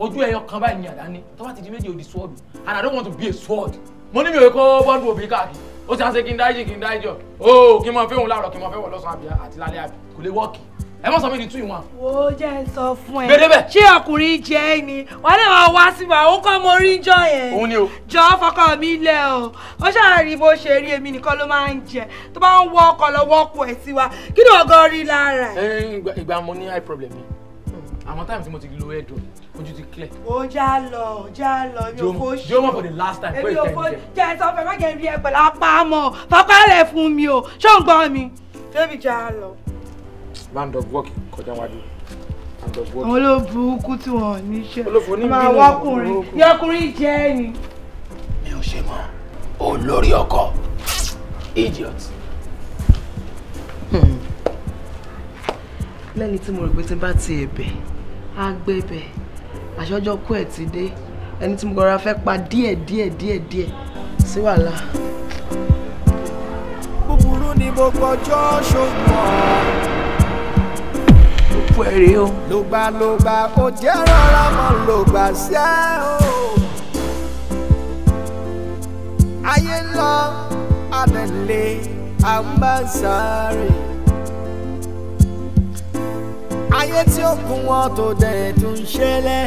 Speaker 7: ojú ẹyọ kan báyìí ni àdáni tó bá ti di méjì odi sword and I don't want to be a sword mo ní mi ò kó bọ́ọ̀dù obìnrin káàkiri ó ti à ń ṣe kí n dáìjì kí n dáìjì ọ ooo kí n máa fẹ́ òun láàárọ̀ kí n máa fẹ́ wọ̀ lọ́sàn-án àbí àti àbí kò lè wọ́ọ̀kì ẹ má sọ mí di two in one. wo jẹ́ ń
Speaker 2: sọ
Speaker 10: fún ẹ. gbẹdẹbẹ.
Speaker 7: ṣé ọkùnrin jẹ ẹ ni wọn lè máa wá sí wa òun kọ́ mo rí jọ yẹn. òun ni
Speaker 2: o. jọ fọkàn mi lẹ o ó ṣàárín bó ṣe rí èmi nìkan ló máa ń jẹ tó bá ń wọ
Speaker 7: ọkọ lọ wọkọ ẹ sí wa kí ni ọgọ rí lára ẹ. ìgbà mo ní high problem ni àmọ́ táìmù tí mo ti lo ẹ̀dùn ojú ti clear.
Speaker 2: o já lọ já lọ mi ò fo ṣe.
Speaker 7: jọmọ for the last time pé ìtẹ́ni jẹ.
Speaker 2: jẹ sọ fẹ má jẹ rí ẹ pẹ̀lú apá mọ fapá rẹ fún mi o ṣó ń gbọ́ mi. débi já lọ
Speaker 7: landlord work kọjá wájú àwọn
Speaker 2: olóburúkú tí wọn ní iṣẹ́ máa wákùnrin yọkùnrin jẹ ẹ ni.
Speaker 7: mi ò ṣe mọ olórí ọkọ idiot. Hmm.
Speaker 2: lẹ́ni tí mo rò pé tí n bá ti ẹ̀bẹ̀ á gbẹ̀bẹ̀ àṣọjọ́ kú ẹ̀ ti dé ẹni tí mo gbọ́dọ̀ fẹ́ pa díẹ̀ díẹ̀ díẹ̀ díẹ̀ sí wàhálà. búburú ni
Speaker 6: mo gbọ́jọ́ ṣùgbọ́n òkú ẹ̀ rèé o. lògbàlògbà ó jẹ́ rọra mọ́ lògbà ṣẹ́ o. ayé lọ àdẹ̀lẹ̀ à ń bá sáré. ayé tí ó kún wọn tó dẹ̀ tún ṣẹlẹ̀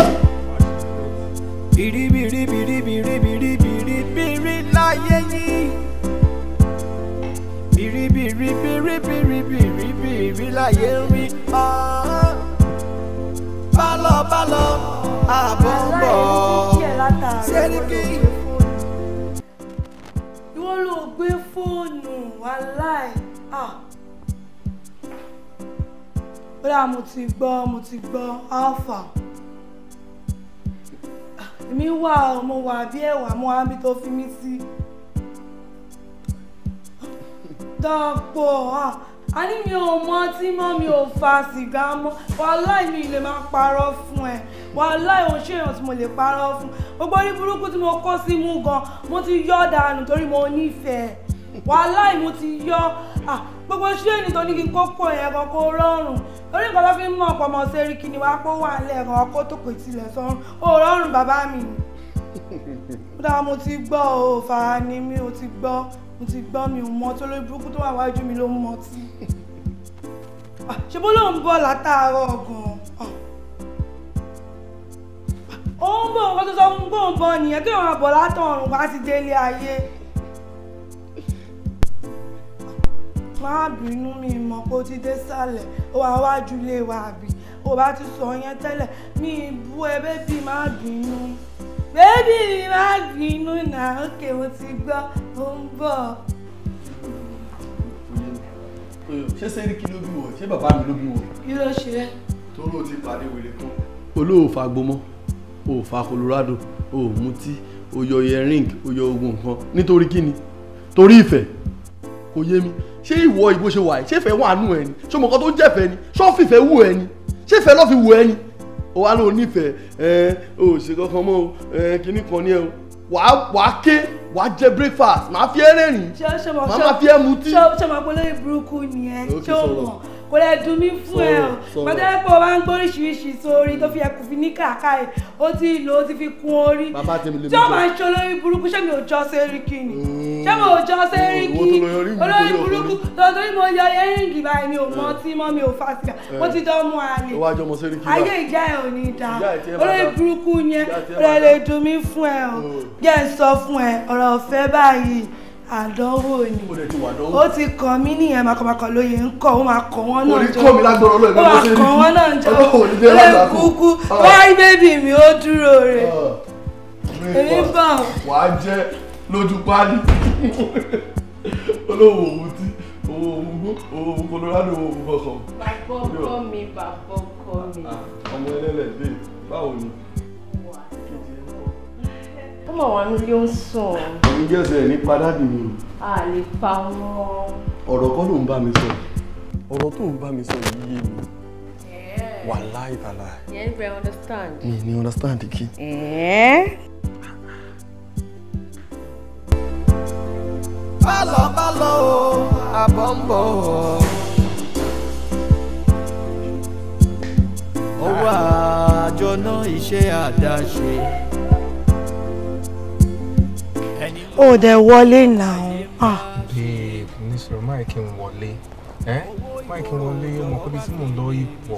Speaker 6: biribiribiribiribiribiribiri láyé yìí biribiribiribiribiribiri láyé rí Ah, bálọ bálọ àbọ̀ ń bọ̀ Sẹ́ríkì.
Speaker 2: ìwọ ló gbé fóònù aláì ah. bóyá mo ti gbọ́ mo ti gbọ́ alpha ah, èmi wà mo wà bí ẹ̀wà mo wà bí tó fi mí sí dọ́pọ̀ a ní mi ò mọ tí mọ́ mi ò fa sìgá mọ́ wàláì mi lè máa parọ́ fún ẹ wàláì òun ṣe èèyàn tí mo lè parọ́ fún gbogbo orí burúkú tí mo kọ́ sí mú gan mo ti yọ́ dànù torí mo nífẹ̀ẹ́ wàláì mo ti yọ́ gbogbo ṣé ènì tó ní kí n kó yẹn gan kó rọrùn torí nǹkan tó fi ń mọ ọ̀pọ̀ ọmọ sẹ́rí kí ni wàá pọ̀ wà lẹ́ẹ̀kan ọkọ̀ tó kò tilẹ̀ sọ́run ó rọrùn bàbá mi ni. mo dáa mo ti gbọ́ ò fa ni mi ò ti gbọ́ mo ti gbọ́ mi ò mọ tó lórí burúkú tó wà wájú mi ló ń mọtí ah, ṣe bó ló ń bọ̀ látàárọ̀ gan-an ah. ó ń bọ̀ nǹkan tó sọ fún kó nìyẹn kí òun àbọ̀ látọ̀run wá sí délé ayé ah, má bínú mi mọ̀ pé ó ti dé sàlẹ̀ ó wá wájú lé wa àbí ó bá ti sọ yẹn tẹ́lẹ̀ mi bú ẹ bẹ́ẹ̀ bí má bínú bébì mi má bínú náà ókè mo ti gbọ́ ó ń bọ̀.
Speaker 8: ṣé sẹ́ríkì ló bí wọ̀ ṣé bàbá mi ló bí wọ̀. kí ló ṣe rẹ. torí o ti pàdé wèrè kan. olóòfà gbomọ́ òòfà Colorado òòmùtí oyọ earring oyọ ogun nǹkan nítorí kí ni torí ìfẹ́ kò yé mi ṣé ìwọ ìbò ṣe wà yìí ṣé ìfẹ́ wà nù ẹni ṣé ọmọkan tó jẹ́fẹ́ ni ṣọ́ọ̀fì ìfẹ́ wù ẹni ṣé ìfẹ́ lọ́ fi wù ẹni o wá lóun nífẹ̀ẹ́ ẹ o ò ṣe kankan mọ́ o ẹ kinní kan ní ẹ o wàá wàá ké wàá jẹ breakfast màá fi ẹ́
Speaker 2: rẹ́rìn-ín màá fi ẹ́ mutí. ṣé o ṣe máa polówó burúkú nìyẹn ṣé o mọ̀ kò lè dùn mí fún ẹ o pàtẹ́lẹ́ pé o máa ń gbóríṣiríṣi sórí tó fi ẹkùn fi ní kàkà ẹ ó ti lò ó ti fi kun orí
Speaker 8: tí ó máa ń ṣe
Speaker 2: olórí burúkú ṣé mi ò jọ sẹ́ríkì ni mm. ṣé mi ò jọ sẹ́ríkì mm, olórí burúkú tọ́jú mo yọ ẹ́rìngì báyìí mi ò eh. mọ tí mọ́ mi ò fa sìgá eh. mo ti dán mú
Speaker 8: àlè ayé ìjà
Speaker 2: ẹ̀ ò ní da olórí burúkú yẹn rẹ̀ lè dùn mí fún ẹ o mm. jẹ́ ń sọ fún ẹ ọ̀rọ̀ ọ̀fẹ́ báyìí àdánwò ni ó ti kàn mí nìyẹn makọmakọ lóye ń kọ ó máa kọ wọn náà jọ ó máa kọ wọn náà jọ ó kúkú ah. wáyé bébì mi ó dúró rẹ ah. èmi bọ̀.
Speaker 6: wàá
Speaker 8: jẹ́ lójú páálí olówó òun tí owó òun gbó owó òun colorado owó òun kọkàn. bàbá ọkọ mi bàbá ọkọ mi. Ah, ọmọ ẹlẹ́lẹ̀ dé báwo ni
Speaker 2: mọ̀ wá nílé ó ń sùn.
Speaker 8: èmi ẹsẹ̀ nípa dáàbì mi.
Speaker 2: a lè pa wọn.
Speaker 8: ọ̀rọ̀ kọ́ ló ń bá mi sọ ọ̀rọ̀ tó ń bá mi sọ yìí yé mi wàláì tàláì.
Speaker 2: yẹn bẹ understand.
Speaker 8: mi ni understand kí. Eh?
Speaker 6: bálọ̀ bálọ̀ o àbọ̀ ń bọ̀ o. owó àjọ náà iṣẹ́ àdáṣe
Speaker 2: ó dẹ̀ wọlé náà. Ah.
Speaker 11: babe nisoro mike ń wọlé mike ń wọlé mọ̀ pé bí tí mò ń lọ ipò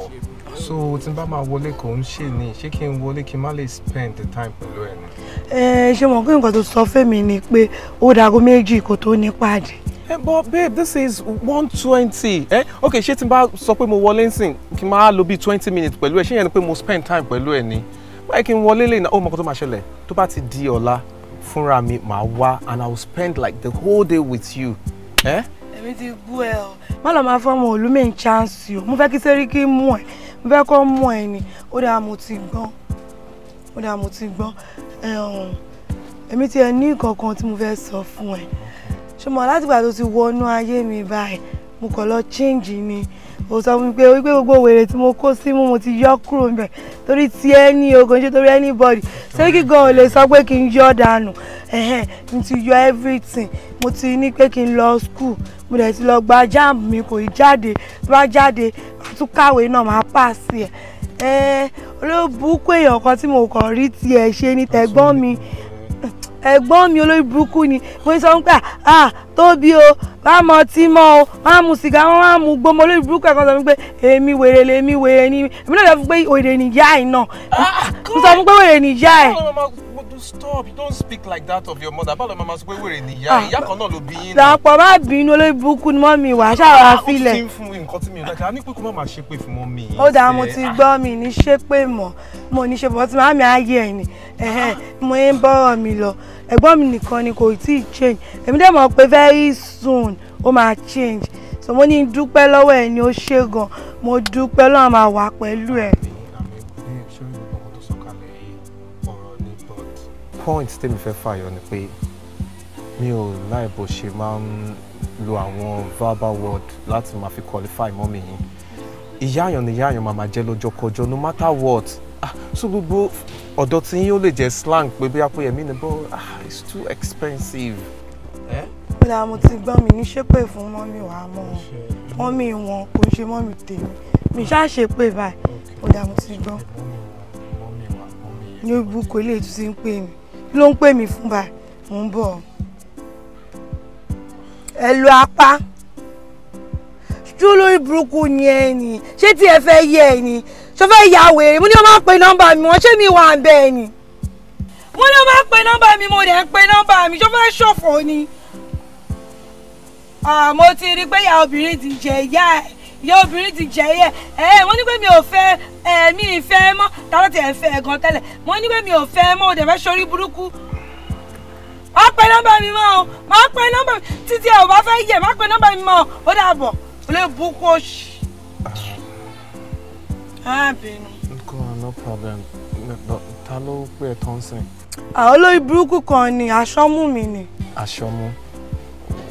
Speaker 11: so tí n bá máa wọlé kò ń ṣe ni ṣé kí n wọlé kí n spend the time pẹ̀lú ẹ̀ ni.
Speaker 2: ẹ ṣe mọ̀ pé nǹkan tó sọ fẹ́mi ni pé ó dago méjì kó tó ní pàdé.
Speaker 11: Hey, but babe this is one twenty eh okay ṣé tí n bá sọ pé mo wọlé ń sìn kí n lo bíi twenty minutes pẹ̀lú ẹ ṣé yẹn ni mo spend time pẹ̀lú ẹ ni báyìí kí n wọlé lè na ó mọ kó tó máa ṣẹlẹ̀ tó bá ti di ọ̀la fúnra mi màá wá and i will spend like the whole day with you. Eh?
Speaker 2: èmi ti bú ẹ o. má lọ máa fọmọ olúmọ ń ṣáàṣì o mo fẹ́ kí sẹ́ríkì mú ẹ mo fẹ́ kó mú ẹ ni ó dáa mo ti gbọ́n ó dáa mo ti gbọ́n èmi ti ẹ ní kankan tí mo fẹ́ sọ fún ẹ ṣùgbọ́n látìgbà tó ti wọnú ayé mi báyìí mo kàn lọ change ni ó sọ fún mi pé wípé gbogbo wèrè tí mo kó símú mo ti yọ kúrò níbẹ̀ torí ti ẹni ogun ṣe torí anybody ṣé kí gan ò lè sọ pé kí n yọ dànù ẹ̀hẹ́n mo ti yọ everything mo ti ní pé kí n lọ school mo dẹ̀ ti lọ gba jamb mi kò jáde tó bá jáde tún kàwé náà máa pàṣẹ ẹ olóòbù èèyàn kan tí mo kàn rí tiẹ̀ ṣe ní tẹ̀gbọ́n mi ẹ̀gbọ́n mi olórí burúkú ni mo sọ pé à tóbi o má mọ tí mọ o má mu sìgá wọn má mu gbọmọ olórí burúkú ẹ̀kan sọ pé èmi wèrè lèmi wèrè ni èmi náà sọ pé wèrè nìyá ẹ̀ náà ah, mo sọ pé wèrè nìyá ẹ̀
Speaker 11: stop you don't speak like that of your mother báwo mama sọ pé wèrè ni ìyá ah, ìyá kan náà ló bí
Speaker 2: yín. làpọ̀ má bínú olórí burúkú ni mọ́mí wà ah, ṣáà filẹ̀. ó ti ń
Speaker 11: fún nǹkan tí mi ò dákẹ́ a ní pé kó má máa ṣépè fún mọ́mí. ó dáa mo ti gbọ́
Speaker 2: mi ní ṣépè mọ́ mo ní ṣépè tí màmí ayé ẹ̀ ni mo ń bọ́rọ̀ mi lọ ẹ̀gbọ́n mi nìkan ni kò tí ì change èmi dẹ̀ mọ̀ pé very soon ó máa change so mo ní dúpẹ́ lọ́wọ́ ẹ̀ ni ó ṣe gan mo dúpẹ́ lọ́wọ́ máa wà pẹ̀lú ẹ̀.
Speaker 11: point tèmi fẹ́ fàyọ ni pé mi ò láì bó ṣe máa ń lo àwọn verbal word láti máa fi qualify mọ́ mi yìí ìyáàyàn ni ìyáàyàn màmá jẹ́ lọ́jọ́ kọjọ́ no matter what ah so gbogbo ọ̀dọ̀ tí yín ó lè jẹ́ slang pé bí apò yẹmí ni bọ́ ah it's too expensive.
Speaker 2: ọ̀la eh? mo ti gbọ́n mi ní ṣépè fún mọ́mí wàá mọ́ wọn mọ́mí wọn kò ṣe mọ́mí tèmi mi ṣáà ṣépè báyìí ọ̀la mo ti gbọ́n ní ibùkún ilé ìtúsí ń pè mí kí ló ń pè mí fún báyìí mò ń bọ̀ ẹ lo apá ṣó lórí burúkú ni ẹ ni ṣé tí ẹ fẹ́ yẹ ẹ ni ṣó fẹ́ ya wèrè mo ní wọn máa pe nọ́mbà mi wọn ṣé mi wà ń bẹ ẹ ni mo ní wọn máa pe nọ́mbà mi mo dẹ̀ ń pe nọ́mbà mi ṣó fẹ́ ṣọ̀fọ̀ ni àmọ́ ti rí pé ìyá obìnrin ti jẹ ìyá ẹ̀ ìyá obìnrin ti jẹ yẹ ẹ wọ́n ní pé mi ò fẹ́ ẹ mi ì fẹ́ mọ́ tààrà tẹ ẹ fẹ́ gan tẹ́lẹ̀ wọ́n ní pé mi ò fẹ́ mọ́ òde fẹ́ sórí burúkú má pè nọ́mbà mi mọ́ o má pè nọ́mbà mi títí ẹ ò bá fẹ́ yẹ má pè nọ́mbà mi mọ́ o ó dà bọ̀ ó lè bú kó ṣì.
Speaker 11: ta ló pè tó ń sìn.
Speaker 2: àwọn olórí burúkú kan ni
Speaker 11: aṣọ́mú mi ni. aṣọ́mú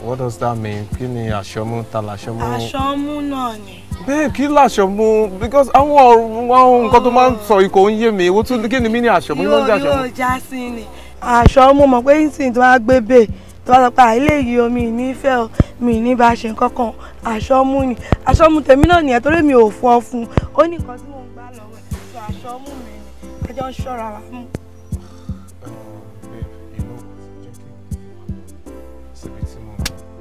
Speaker 11: what does that mean kí ni àṣọmú ta làṣọmú. àṣọmú náà ni. bẹ́ẹ̀ kí làṣọmú because àwọn àwọn nǹkan tó máa ń sọ ikọ̀ ń yé mi ewu tún kí ni mí ní àṣọmú ní wọ́n jẹ́ àṣọmú. yóò
Speaker 2: já sí ni
Speaker 11: àṣọmú mọ̀ pé
Speaker 2: nísìnyí tó bá gbé bẹ́ẹ̀ tó bá sọ pé àìlè yìí omi ìnífẹ̀ẹ́ o mi ní bá ṣe kankan àṣọmú ni àṣọmú tèmi náà nìyẹn torí mi ò fọ́ fún un ó ní nǹkan tí mò ń gbà lọ́wọ́ ẹ̀ tó àṣọmú mi ni ẹjọ́ ń ṣọ́ra wa mú.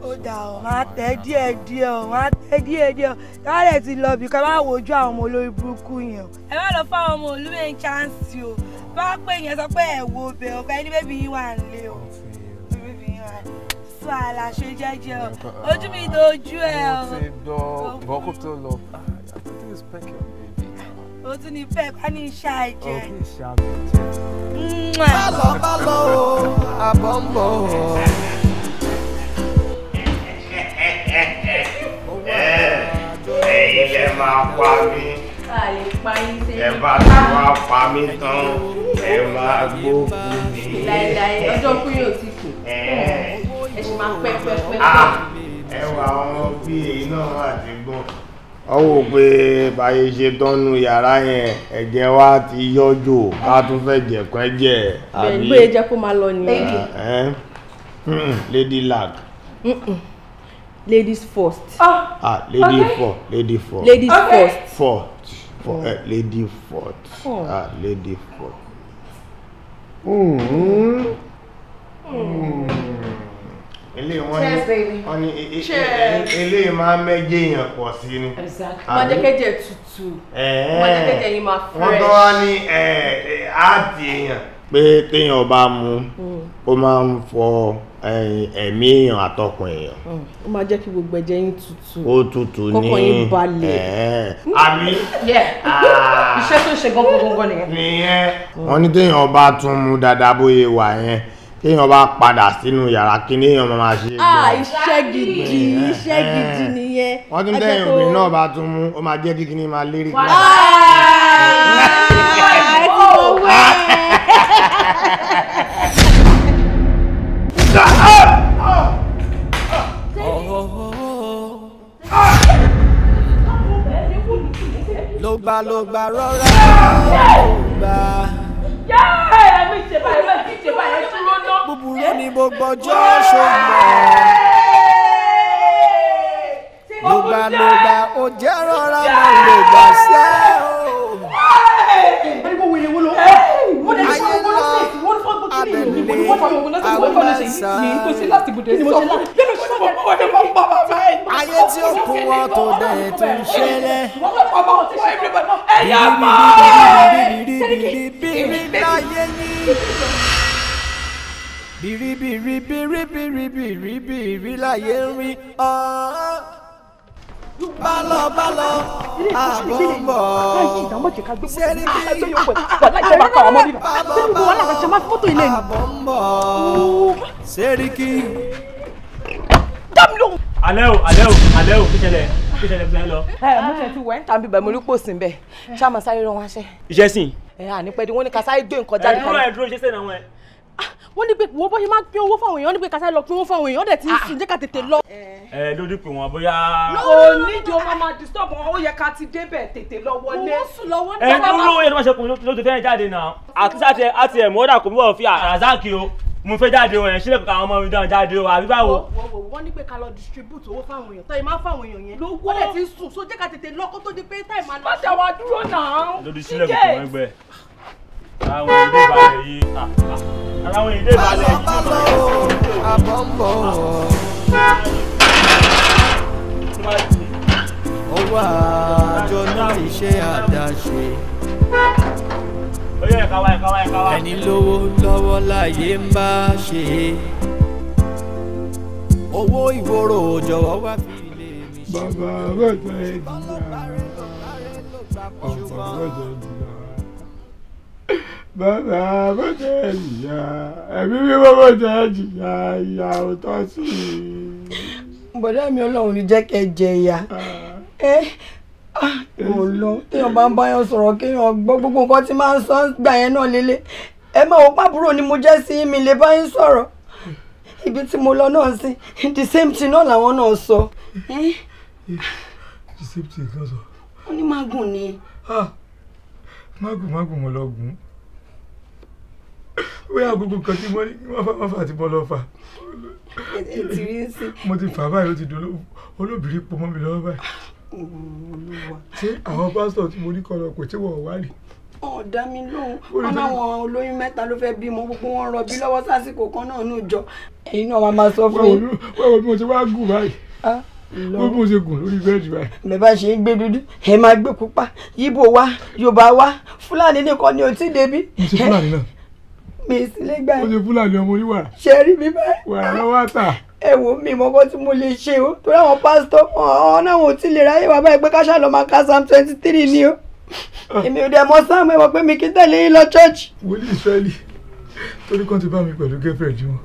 Speaker 11: ó dà ọ máa tẹ díẹ̀
Speaker 2: díẹ̀ ọ máa tẹ díẹ̀ díẹ̀ ọ káàlẹ̀ ti lọ bí ká má wojú àwọn ọmọ olórí burúkú yẹn o. ẹ má lọ fáwọn ọmọ olúwe ń ṣáǹsì o bá pé yẹn sọ pé ẹ wo bẹ ọkọ ẹni bẹbí yín wà nílé o bẹbí yín wà nílé sọ àlà ṣe jẹjẹ o ojú mi dojú ẹ o. mo ti
Speaker 11: dọ bọ́kú tó lọ
Speaker 2: o tún ní fẹ́ ká ní iṣẹ́
Speaker 6: àìjẹ́. bá lọ bá lọ o
Speaker 2: àbọ̀
Speaker 5: ń bọ̀ o. ẹ̀yin lẹ máa pa mí
Speaker 3: ẹ bá tún wá
Speaker 5: pa mí tán ẹ máa gbókun mi. láìláì
Speaker 3: ọjọ́ kú
Speaker 2: yóò ti kù ẹ ṣì máa pẹ́ pẹ́ pẹ́. Ah,
Speaker 5: ẹ wà ọmọ bíi èyí náà wà ti gbọ́n wọ́n wò pé báyé ṣe tọ́nu yàrá yẹn ẹ̀jẹ̀ wa ti yọjò ká tún fẹ́ jẹ̀kọ́ ẹ̀jẹ̀ bẹ́ẹ̀ gbé
Speaker 2: jẹ́ kó máa lọ nìyẹn.
Speaker 5: Hmm, lady lag.
Speaker 2: Mm -mm ladies first. Oh,
Speaker 5: ah, lady okay. four, lady four. Ladies okay. first. Four, four, oh. uh, eh, lady fourth. Oh. Ah, lady four. Mm. Mm. Mm. Eléyìí wọ́n ní wọ́n ní e- e- e- eléyìí máa méje èèyàn pọ̀ sí ni. Wọ́n jẹ́ kẹ́jẹ̀
Speaker 10: tutù. Wọ́n jẹ́ kẹ́jẹ̀ yìí máa fresh. Wọ́n tọ́ wá ní eh,
Speaker 5: eh, áàtì pé téèyàn bá mu mm. ó máa ń fọ ẹ̀mí èèyàn àtọkùn èèyàn. Mm. ó máa jẹ́ kí gbogbo ẹ̀jẹ̀ yín tutù. ó tutù ní kọ́kọ́ yín balẹ̀. Mm. àmì. Ah. iṣẹ́ tó ṣe gbọ́ngbọ́n gbọ́ngbọ́n nìyẹn. nìyẹn wọ́n ní téèyàn bá tún mu dáadáa bóyá wà yẹn téèyàn bá padà sínú yàrá kí níyàn máa ṣe é.
Speaker 2: Ah, a iṣẹ́ gidi iṣẹ́ gidi nìyẹn.
Speaker 5: wọ́n tún dẹ́yìn obìnrin náà bá tún mú ó máa jẹ́ kí kíní máa lérí kí
Speaker 6: ló gba ló gba rọra ló
Speaker 1: gba. ẹ̀mí ìjẹba ẹ̀rọ ẹ̀mí ìjẹba ẹ̀ dúró náà. búburú
Speaker 2: ni mo gbọ́jọ́
Speaker 10: ṣùgbọ́n ló gba ló gba
Speaker 6: ó jẹ́ rọra mo lè gbà sẹ́ o. ẹ̀ẹ́dẹ̀gbọ́n wo ni wọ́n lọ abẹ́lé àwẹ̀sán. ayé tí ó kún wọn tó dẹ̀ tó ń ṣẹlẹ̀. ẹ̀yà mọ́ bìrìbìrì láyé ní. bìrìbìrì bìrìbìrì bìrìbìrì láyé ń rí bálọ̀ bálọ̀ àbọ̀ ń bọ̀ sẹ́ni bí àbọ̀ ń bọ̀
Speaker 4: sẹ́ríkì. alẹ́ o alẹ́ o alẹ́ o kí ṣẹlẹ̀ kí ṣẹlẹ̀ fún ẹ lọ.
Speaker 2: ẹ mo ṣe ti wẹ̀ ń tàbí bẹ̀ mo rí pòsì ń bẹ̀ ṣáà máa sáré rán wáṣẹ́. iṣẹ́ sìn. ẹ ànípẹ́ di wọ́n ní ká sáré gbé nǹkan jáde kan. ẹ dúró ẹ dúró ṣe sẹ́ni àwọn ẹ wọ́n ní pé wọ́n bọ́ ṣe máa ń pín owó fáwọn èèyàn ní pé kásá lọ pín owó fáwọn èèyàn dẹ̀ ti ń ah. sùn jẹ́ ká tètè lọ. ẹ
Speaker 4: eh. eh, lórí pé wọn bóyá. onídìí
Speaker 2: o máa ma disturb wọn ó yẹ ká ti débẹ̀ tètè lọ wọlé. owó sùn lọ́wọ́
Speaker 4: ní. Eh, ẹ dúró yẹn tó máa ṣe kùn ló ti fẹ́ jáde náà àti sáà tiẹ̀ àti ẹ̀ mọ́dà kò bọ̀ fi àràzáàkì o mo fẹ́ jáde o ẹ̀ sílẹ̀ kọ́ka àwọn ọmọ mi dán jáde o àbí báwo.
Speaker 2: wọ́n ní pé ká lọ distribute owó fáwọn èèyàn tọ́yìn máa fáwọn èèyàn yẹn lówó ó lè ti sùn so jẹ́ ká tètè lọ́kọ́ tó di pé táì máa lọ. má ṣe wá dúró náà. lórí sílẹ̀ kò tó
Speaker 4: wọ́n àwọn ìdè balẹ̀ yìí àwọn ah, ah. ìdè balẹ̀ yìí. àbọ̀ ń bọ̀
Speaker 6: owó àjọ náà iṣẹ́ àdáṣe. ẹni lówó lọ́wọ́ láyé ń bá ṣe é owó ìwòrò jọ̀wọ́ wá fi lè
Speaker 10: mi ṣe.
Speaker 8: bàbá rẹ̀ jẹ́ ìdílé
Speaker 10: ọ̀pọ̀ rẹ̀ jẹ́ ìdílé.
Speaker 8: bàbá bọ́tẹ̀ ìyá ẹ̀mí mímọ́ ìyá
Speaker 2: ìyá òótọ́ bọ̀dá mi ọlọ́run ní jẹ́ kẹ́ jẹ ah. eh, ah, lọ téèyàn bá ń sọ̀rọ̀ kéèyàn gbọ́ gbogbo nǹkan tí máa ń sọ gbà yẹn náà lélẹ̀ ẹ máa ni mo jẹ́ sí mi lè ibi tí mo lọ náà sí the same thing náà làwọn náà sọ. Eh? the same thing
Speaker 8: kan bóyá gbogbo nǹkan tí wọ́n fà wọ́n fà tí wọ́n lọ fà. mo ti fà báyìí ó ti dùn olóbìrí pọ̀ mọ́ mi lọ́wọ́ báyìí. ṣé àwọn pásítọ̀ tí mo ní kọ́ lọ kò tí wọ́n wá rí.
Speaker 2: ọ̀dà mi lóhùn wọn láwọn olóyún mẹ́ta ló fẹ́ bímọ gbogbo wọn rọbí lọ́wọ́ sásìkò kan náà ní ìjọ ẹ̀yin náà wàá máa sọ fún mi. wọ́n wọ bí mo ti wá gùn báyìí wọ́n ah, bó ṣe gùn lórí bẹ́ẹ̀dì báyìí. bẹ́ẹ̀ ṣe ń gbé dúdú ẹ máa gbé pupa yíbo wa yorùbá wa fúlàní nìkan ni ò tí ì débi. mo ṣe fúlàní náà mi e sílẹ̀ gbà. ó ṣe fúlàní ọmọ oníwàrà. ṣe rí mi báyìí. wàrà lọ́wọ́ àtà. ẹ wo mi mọ́kọ́ tí mo lè ṣe o torí àwọn pásítọ̀ ọ̀hún náà ò tí lè ráyè wá báyìí pé káṣá lọ́ọ́ máa ka psalm twenty three ni o. Ah. èmi ò dẹ̀ mọ sáàmù ẹ̀wọ̀n
Speaker 8: pé mi kì í tẹ̀lé yín lọ church. wòlíì Israẹli torí kan ti bá mi pẹ̀lú girlfriend wọn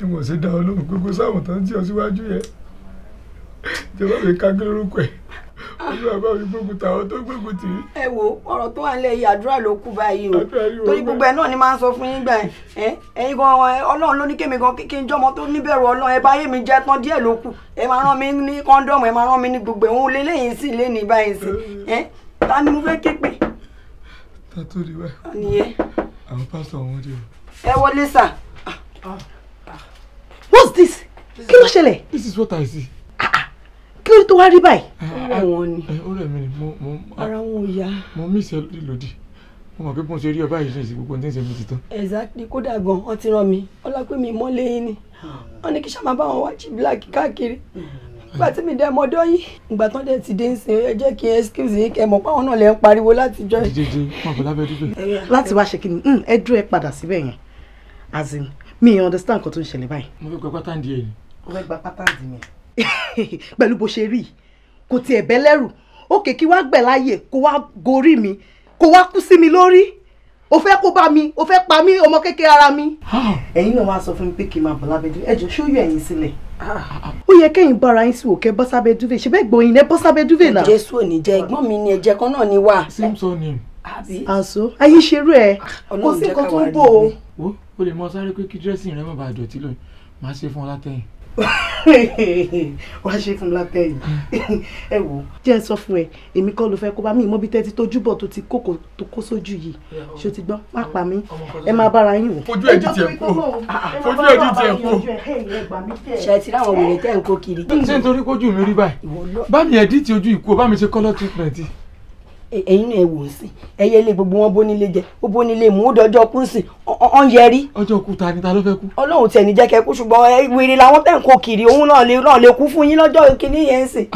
Speaker 8: ni mo ṣe dá Ọlọ́run gbogbo sáwọn tó ń tì ọ síwájú yẹn ìjọba mi ká kí lórúkọ ẹ̀ olúwa bá mi gbógun tàwọn tó gbógun tì í. ẹ wo ọ̀rọ̀ tó wà
Speaker 2: nílẹ̀ yìí àdúrà ló kú báyìí o torí gbogbo ẹ̀ náà ni máa ń sọ fún yín gbà ẹ̀ ẹ̀yin gan ọlọ́run ló ní kémi gan kí n jọmọ tó níbẹ̀rù ọlọ́run ẹ bá yé mi jẹ́ tán díẹ̀ ló kù ẹ máa rán mi ní kọ́ńdọ̀mù ẹ máa rán mi ní gbogbo ẹ̀hún lélẹ́yìn sí ilé ní báyìí sí ẹ̀ ta ni mo fẹ́ ké pè.
Speaker 11: tàtó rí wa àwọn pásítọ̀ wọn dé o.
Speaker 2: ẹ wọlé sà. Ah,
Speaker 10: ah, ah.
Speaker 2: What's this? kí ló ṣẹlẹ̀? This is what I see kí ló tó wá rí báyìí. àwọn ah, ah, ni ọ̀rẹ́ eh, mi ni mo mo ah, ara wọn ò yá. mo mísì ẹ lòdì
Speaker 7: mo mọ̀ pé bó ń ṣe rí ọ báyìí ṣèṣì gbogbo ní ṣe mi ti tán.
Speaker 2: exactly kódà gan wọn ti rán mi ọlápẹ̀mí mọ́lẹ̀ yín ni wọn ní kí sàmà bá wọn wá jí black káàkiri ìgbà tí mi dẹ mọ ọdọ yìí ìgbà tán dẹ ti dé nsìn ẹ jẹ́ kí excuse yín kẹ́ mọ̀ páwọn náà lẹ ń pariwo láti jọ. jíjẹ pàbó lábẹ́ dúpẹ́. láti wá ṣe kíni hmm, ẹ dúró ẹ padà síbẹ̀ yẹn as in mi understand nǹkan tó ń ṣẹlẹ̀ báyìí.
Speaker 7: mo fẹ́ gba pátá ń di ẹ̀ ni. mo fẹ́ gba pátá ń mi.
Speaker 2: pẹ̀lú bó ṣe rí kò tiẹ̀ bẹ́ lẹ́rù òkè kí wá gbẹ̀ láàyè kó wá gorí mi kó wá kú sí mi lórí o fẹ́ kó bá mi o fẹ́ pa mí ọmọ kékeré ara mi. Ah. ẹ̀yin náà wàá sọ fún mi pé kí n máa bọ̀ lábẹ́ dúró ẹjọ́ ṣó yọ ẹ̀yin sílẹ̀. Ah. ó yẹ kẹ́yìn bára yín sí òkè bọ́sábẹ́ dúvé ṣe bẹ́ẹ̀ gbòòyìn lẹ bọ́sábẹ́ dúvé náà. jésù ò ní jẹ ẹ̀gbọ́n mi ni ẹ̀jẹ̀ kan náà ni wà. simpson ni.
Speaker 7: àṣọ ayé ṣerú ẹ ah, kò sí nǹkan tó ń bò ó. o lè mọ sáré pé kí dírẹ́sì rẹ má bàa dọ̀tí lónìí máa ṣe fún ọ látẹ̀yìn wá ṣe fún látẹ̀yìn
Speaker 2: ẹ wò. jẹ́ ẹ sọ fún ẹ èmi kọ́ ló fẹ́ kó bá mi ìmọ̀ bí tẹ́tí tó júbọ̀ tó ti kókò tó kó sójú yìí ṣó ti gbọ́n má pa mí ẹ máa bára yín wò. fojú ẹ di tiẹ̀ kó fojú ẹ di tiẹ̀ kó. ṣe ti láwọn wèrè
Speaker 7: tẹ́ ń kó kiri. ṣé nítorí kójú mi rí báyìí bá mi ẹ̀ dí ti ojú ìkó bá mi ṣe kọ́lọ́ treatment ẹ̀yin e, náà ẹ wò ó sìn ẹyẹ
Speaker 2: ilé gbogbo wọn bónílé jẹ ó bónílé mú ó dọjọ́ kú sí ọ ń yẹrí. ọjọ́ kú ta ni ta ló fẹ́ kú. Ọlọ́run tiẹ̀ ní jẹ́ kẹ́ kú ṣùgbọ́n wèrè làwọn tẹ̀ ń kó kiri òun náà lè náà lè kú fún yín lọ́jọ́ kìíní yẹn sìn.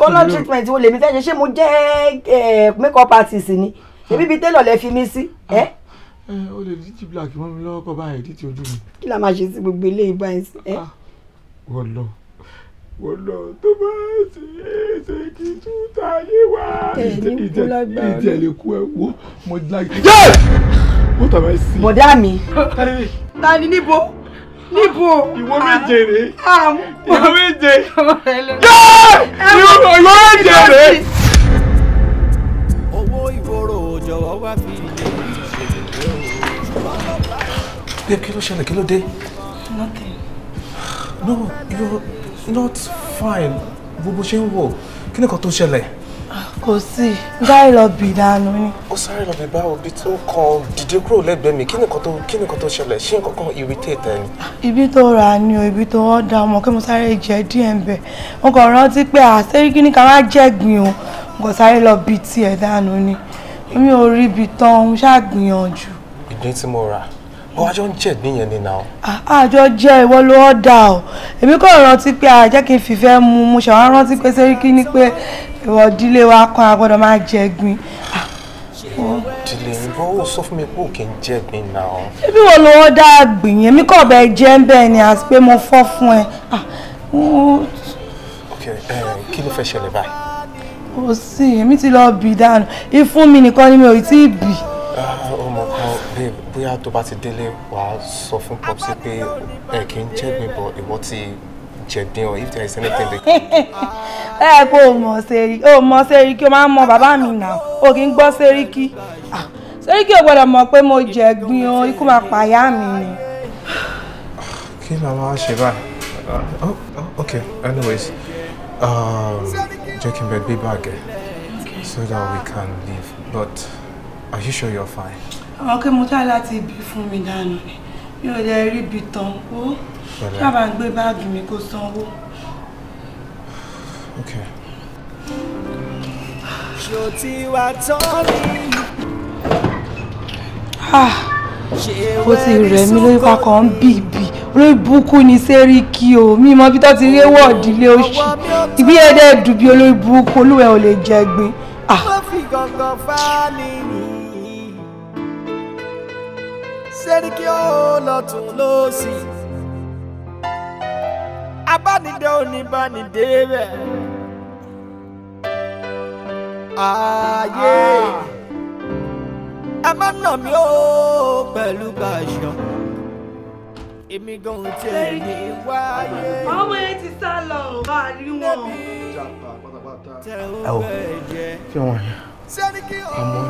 Speaker 2: kọ́lọ́ ah, treatment wo lèmi fẹ́ ṣe ṣé mo jẹ́ makeup artist ni ah. ṣebí bíi tẹ́lọ̀ lẹ fi mí sí.
Speaker 8: Ah. Eh, o lè díjì black mọ́ mi lọ́wọ́ kọ́ báyìí díjì ojú mi.
Speaker 2: kí la máa ṣe sí gbogbo ilé ìbáyìí sí
Speaker 8: wọlọ tó bá ṣe é
Speaker 10: ṣe kí tún
Speaker 2: táyé wá.
Speaker 6: ìtẹ̀
Speaker 8: lè kú ẹ wo mo lágbè. what am I seeing. bọ̀dá mi. ta ni níbo níbo. ìwọ méje rè. Ah, ah, ìwọ méje. ìwọ
Speaker 10: méje rè.
Speaker 6: owó ìwòrò
Speaker 11: jọ̀wọ́ wá fi ilé ìṣèlú. babe kí ló ṣẹlẹ̀ kí ló dé. nothing. no you're not fine gbogbo ṣe ń wò kí nìkan tó ṣẹlẹ̀. kò
Speaker 2: sí dáì lọ bì dànù ni.
Speaker 11: ó sáré lọ bì bá òbí tó kan dìde kúrò lẹ́gbẹ̀ẹ́ mi kí nìkan tó kí nìkan tó ṣẹlẹ̀ ṣé nǹkan kan irritate ẹ ni.
Speaker 2: ibi tó ra ni o ibi tó ọ̀dà ọmọ kí mo sáré jẹ díẹ̀ ń bẹ̀ mo kàn rántí pé àṣírí kí ni ká má jẹ̀gbìn o mo kàn sáré lọ bì tiẹ̀ dànù ni mi ò rí ibi tán ń ṣàgbìyànjú.
Speaker 11: ìdí tí mo rà bó a jọ ń jẹ níyẹn ni náà.
Speaker 2: àjọ jẹ ìwọ ló ọ̀dà o èmi kò rántí pé àjẹ́ kí n fìfẹ́ mu mo ṣàwọn rántí pé sẹ́ríkì ni pé ìwọ ìdílé wa kọ́ agbọ́dọ̀ máa jẹ gbin.
Speaker 11: ìdílé ìbọn ò sọ fún mi pé òkè ń jẹ gbin náà. ebi
Speaker 2: wo ló ọ̀dà gbìn yẹn mi kò bẹ jẹ́ ń bẹ́ẹ̀ ni àti pé mo fọ́ fún ẹ.
Speaker 11: ok kí ló fẹ́ ṣẹlẹ̀ báyìí.
Speaker 2: kò sí èmi ti lọ bì dànù ìfún mi nìkan ni mi ò tí ì bì.
Speaker 11: Ah, bóyá tó bá ti délé wàá sọ fún popsi pé ẹ kì í jẹ̀gbìn bọ̀ ìwọ ti jẹ̀gbìn ọ if there is anything they can
Speaker 2: do. ẹ kó o mọ̀ o mọ̀ sẹ́rí kí o máa ń mọ bàbá mi nà o kì í gbọ́ sẹ́rí kí ah, sẹ́rí kí o gbọ́dọ̀ mọ̀ pé mo jẹ̀gbìn o ikú máa pààyà mi ni.
Speaker 11: kí ni màmá ṣe báyìí uh, oh, oh, okay anyways um, jẹ́ kí n bẹ gbé báàgì so that we can leave but are you sure you're fine
Speaker 2: àwọn kí mo tá láti ibi fún mi dànù ni mi ò lè rí ibi tán ó sábà ń gbé báàgì mi kó sanwó. ṣò tí wà tọ́ mi. ó ti rẹ̀ mí lórí pákó ń bìbì orí burúkú ni sẹ́ríkì o mi mọ bí tó ti rí wọ́ọ̀dì lé oṣù ìbí ẹ̀dẹ́ dùbí olórí burúkú olúwẹ̀ ò lè jẹ gbin.
Speaker 6: Ah. Sẹ́ríkì ó lọ́tún lọ́sì abánidé oníbánidé rẹ̀ ààyè ẹ má nà mí ó pẹ̀lú bàṣọ èmi gan tí ẹ ní wáyé. ọmọ
Speaker 2: yẹn ti sá lọ bá a rí wọn. ẹ wò
Speaker 6: tí wọn yà
Speaker 11: àmọ́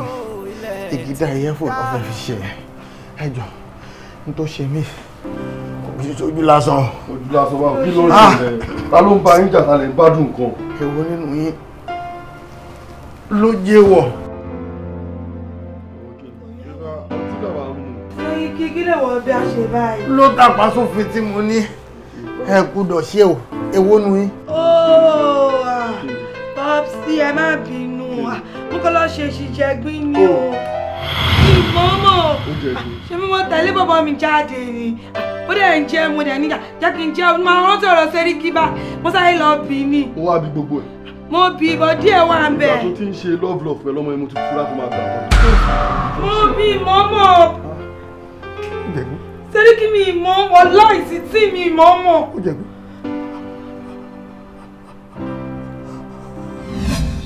Speaker 11: ìgídá ẹyẹ fò lọ́fẹ̀ẹ́ fi ṣe ẹjọ n tó ṣe mí kò
Speaker 8: sí ojú lásán. ojú lásán wa kí ló ń ah! ṣe ta ló ń ba yín jà ta lè gbádùn nǹkan. èwo nínú yín ló jẹ́ wọ̀.
Speaker 2: kí lè wọ bí a ṣe báyìí.
Speaker 5: ló tàpá sófin tí mo ní ẹ gbúdọ̀ ṣe o èwo nu yín.
Speaker 2: ooo oh, ah, popsi ẹ má bínú wa n kò lọ ṣe ṣìṣẹ́ gbín ni o. Oh mọ́mọ́ ṣé mo mọ tẹ̀lé bàbá mi jáde ni ó dẹ̀ ń jẹ́ mo dẹ̀ níjà jẹ́ kí n jẹ́ mo máa rántí ọ̀rọ̀ sẹ́rí kíbá mo sáré lọ bí ni. ó wá bí gbogbo ẹ̀. mo bí ibọ̀ díẹ̀ wà ń bẹ̀. ìgbà tó
Speaker 8: ti ń ṣe love love pẹ̀lú ọmọ yẹn mo ti fura kó máa gbà wọ́n. mo bí mọ́mọ́ ah. sẹ́rí kí mi
Speaker 2: mọ́ ọ̀la ìsítí mi mọ́mọ́. ó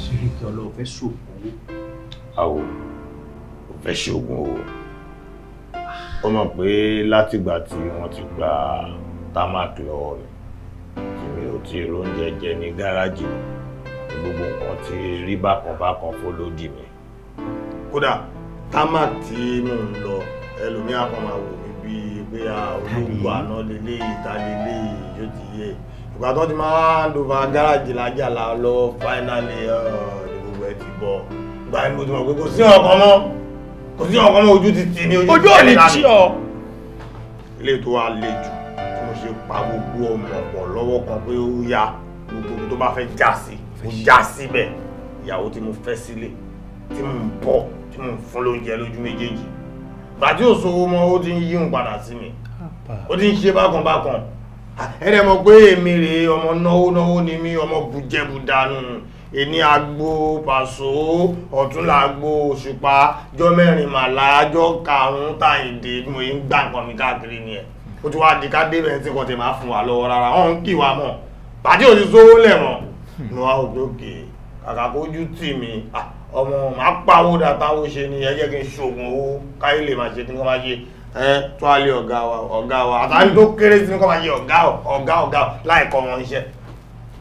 Speaker 9: sẹ́rí kí ọlọ́ọ̀ fẹ́ sòkòwò
Speaker 5: fẹ́ ṣe oògùn owó ó mọ̀ pé látìgbà tí wọ́n ti gba tamak lọ́wọ́ mi tí mi ò ti róúnjẹ jẹ ní gáràjì gbogbo nǹkan ti rí bákan bákan fólódì mi. kódà tamak tí mò ń lọ ẹlòmíà kan máa wò mí bíi pé olóògbé àná lélẹ̀ ìta yóò ti yé ìgbà tó ti máa ń dòfà gáràjì lájà lọ fáínàlì gbogbo ẹ ti bọ̀ ìgbà mo ti mọ̀ pé kò sí ọ̀kan mọ́ kò sí ọkọ̀ ojú ti ti ní ojú ojú ò lè tí ọ. ilé tó wá le jù tí mo ṣe pa gbogbo ọmọ ọ̀pọ̀ lọ́wọ́ kan pé ó ya gbogbo tó bá fẹ́ já sí ó já síbẹ̀ ìyàwó tí mo fẹ́ sílé tí mo ń bọ́ tí mo ń fún lóúnjẹ lójú méjèèjì gbàtí ò sówó mọ́ ó ti ń yíhun padà sí mi ó ti ń ṣe bákan bákan ẹ̀rẹ̀ mọ̀ pé èmi rèé ọmọ náwó náwó ni mí ọmọ bùjẹ́bù dànù èní agbo pàṣó ọ̀túnla agbo òṣùpá jọ mẹ́rin màlá jọ karùn-ún tàyìndé mo ń gbà nǹkan mi káàkiri ni ẹ̀ ó ti wá di ká dé bẹ̀rẹ̀ tí nǹkan tẹ̀ máa fún wa lọ́wọ́ rárá wọ́n ń kì wá mọ̀ bàjẹ́ òsì sówó lẹ̀ mọ̀ ni wàá òkè òkè kàkà kójú tì mí ọmọ màá pawó dàtàwó ṣe ni ẹ jẹ́ kí n ṣoògùn owó káyé lè máa ṣe kí n kọ́ máa ṣe ẹ tó a lé ọ̀gá wa ọ̀gá wa àtàrí tó kéré sí ní kọ́ máa yẹ ọ̀gá ọ̀gá ọ̀gá láìkọ́ wọn iṣẹ́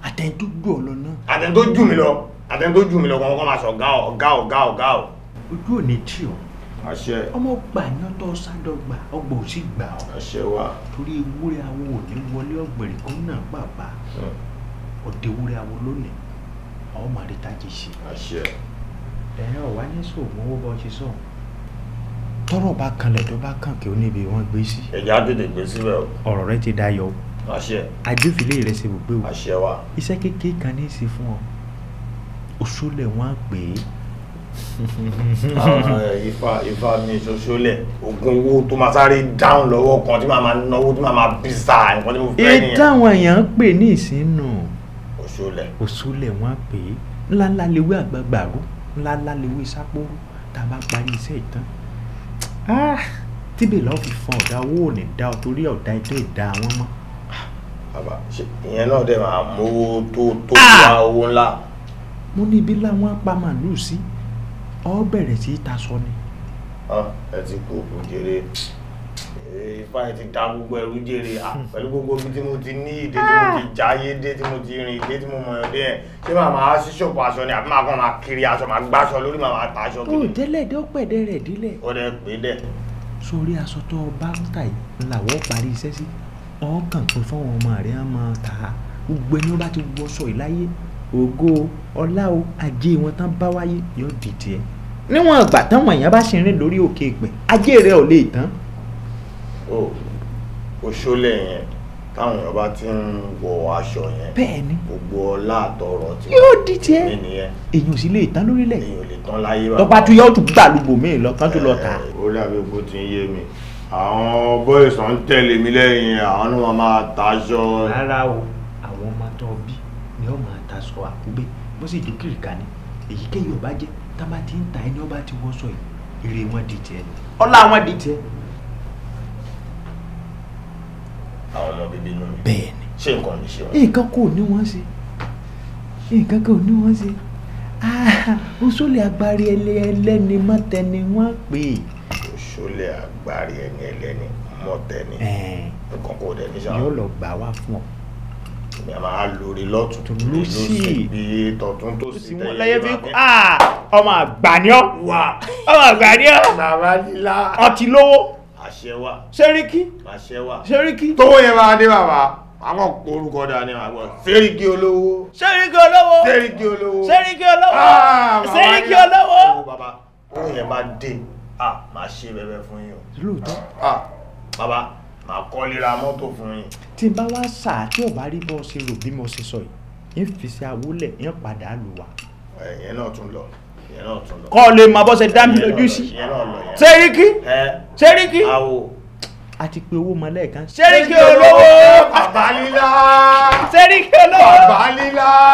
Speaker 10: àtẹ̀ntó jù
Speaker 5: ọ lọ náà. àtẹ̀ntó jù mí lọ àtẹ̀ntó jù mí lọ kọ́kọ́ máa sọ ọ̀gá ọ̀gá ọ̀gá ọ̀gá ọ̀. ojú ò ní tì àṣẹ.
Speaker 9: ọmọ gbà ní ọtọ sádọgba ọgbà ò sì gbà ọ. àṣẹ wa. torí ewúrẹ́ awo ò wọlé ọ̀gbẹ̀rì kan náà hm. ọ̀dẹ̀ ewúrẹ́ awo lónìí àwọn ọmọ rẹ̀ tájì sí. àṣẹ. ẹ ọ ní sóògùn owó bọ sọ tọrọ bá kan lẹdọ bá kàn kí ó níbi wọn gbé sí.
Speaker 5: ẹja tètè gbé síbẹ̀ o.
Speaker 9: ọ̀rọ̀ rẹ ti dayọ̀ àgbẹ̀fìlẹ̀ rẹ̀ ṣe wògbé o iṣẹ́ kékeré kan ní í ṣe fún ọ òṣòlẹ̀ wọn á pè é. Ah,
Speaker 5: ifá ifá mi ṣoṣolẹ oògùn owó tó máa sáré dáhùn lọ́wọ́ kan tí màá máa náwó tí màá máa bí sáà nǹkan tí mo fẹ́ nìyẹn. ìdáhùn èèyàn
Speaker 9: ń pè ní ìsínú
Speaker 5: òṣòlẹ̀ òṣòlẹ̀ wọn á pè é
Speaker 9: ńláńlá lewé àgbàgbàrú
Speaker 5: ńláńlá lewé sápóró tá a bá
Speaker 9: parí iṣẹ́ ìtàn ah, tíbi lọ́ọ́ fi fọn ọ̀dà owó ò ní dá ọ torí ọ̀dà ẹjọ́ ìdá wọn mọ́
Speaker 5: ìyẹn náà dẹ̀ máa mówó tó tó ah! wá owó ńlá.
Speaker 9: mo ní ibi láwọn apá màlúù sí ọ bẹ̀rẹ̀ sí í ta sọ ni.
Speaker 5: ẹ ti kú òkú jèrè ifá ẹ ti da gbogbo ẹrú jèrè hmm. pẹ̀lú gbogbo ibi tí mo ti ní ìdè tí mo ti jáyé dé tí mo ti rìn ìdè tí mo mọ̀ ọ́dẹ́ yẹn ṣé màá máa ṣí aṣọ ni àbí màá kàn máa kiri aṣọ máa gbáṣọ lórí màá ta aṣọ kiri. o
Speaker 9: délẹ̀ dé ó pẹ̀dẹ̀ rẹ̀ dílẹ̀.
Speaker 5: ó dẹ̀ pé dẹ̀.
Speaker 9: sórí aṣọ tó bá ń tà yìí làwọ̀ parí iṣẹ́ sí ọ̀ọ́kàn pin fáwọn ọmọ rẹ̀ á máa tà á gbogbo ẹni wọ́n bá ti wọṣọ ìláyé ògo ọlá o ajé wọn tán bá wáyé yóò dìde ẹ níwọ̀n ìgbà táwọn èèyàn bá ṣe rìn lórí òkè ìpẹ́ ajé rẹ̀ ò lè tán.
Speaker 5: o òṣòlẹ̀ yẹn táwọn èèyàn bá ti ń wọ aṣọ yẹn bẹ́ẹ̀ni gbogbo ọlá àtọrọ tí yóò di tiẹ̀ èèyàn
Speaker 9: sì lè tán lórílẹ̀ èèyàn lè
Speaker 5: tán láyé bá tọ́pá tún yóò tún gbàlúgbò míì lọ tún lọ tà. ó dàbí ogun ti ń yé mi. àwọn boys ń tẹ̀lé mi lẹ́yìn àwọn ni wọ́n máa taṣọ. rárá
Speaker 9: o àwọn ọmọ tó bí ni wọ́n máa taṣọ àkúgbé bó sì jó kìrìkà ni èyíkéyìí ọba jẹ́ tá bá ti ń ta ẹni ọba ti wọ́sọ yìí ire wọn di tiẹ̀ ọlá wọn di tiẹ̀.
Speaker 5: àwọn ọmọ bíbí inú mi. bẹ́ẹ̀ni ṣé nǹkan ní ṣe wọn. nǹkan
Speaker 9: kò ní wọn ṣe nǹkan kò ní wọn ṣe ó ah, sólè agbárí ẹlẹ́ni mọ́tẹ́ni
Speaker 10: wọ́n
Speaker 5: pè é. sólè agbárí ẹni ẹlẹ́ni mọ̀tẹ́ni nǹkan kò dẹ̀ níṣà. yóò lọ gbà wá fún ọ. ìyá máa lórí lọ́tún tó lù sí bí tọ̀tún tó sì tẹ̀lé lọ́yẹ́ fi kú ọmọ àgbàníọ́ ọmọ àgbàníọ́ bàbá lílá ọtí lówó àṣẹwà sẹ́ríkì àṣẹwà sẹ́ríkì. tówó yẹn máa dé bàbá àwọn orúkọ dání àwọn sẹ́ríkì olówó. sẹ́ríkì olówó sẹ́ríkì olówó
Speaker 4: sẹ́ríkì olówó sẹ́ríkì ah, olówó.
Speaker 5: bàbá ó yẹn máa dé ah màá ṣe bẹbẹ fún yín o. lóòótọ́. ah bàbá màá kọ́lé ra mọ́tò fún yín.
Speaker 9: tí n bá wá sà tí ò bá rí bọ́ ṣe rò bí mo ṣe sọ yìí ń fi ṣe
Speaker 5: awólẹ̀ ń padà lù wá. ẹ̀yẹn náà tún lọ kọ́ ọ lè máa bọ́ ṣe dá mi lójú sí. ṣéríkì ṣéríkì. àwò
Speaker 9: a ti pe owó mọ́lẹ̀
Speaker 6: sẹ́ríkì olówó.
Speaker 4: bàbá sẹ́ríkì olówó. bàbá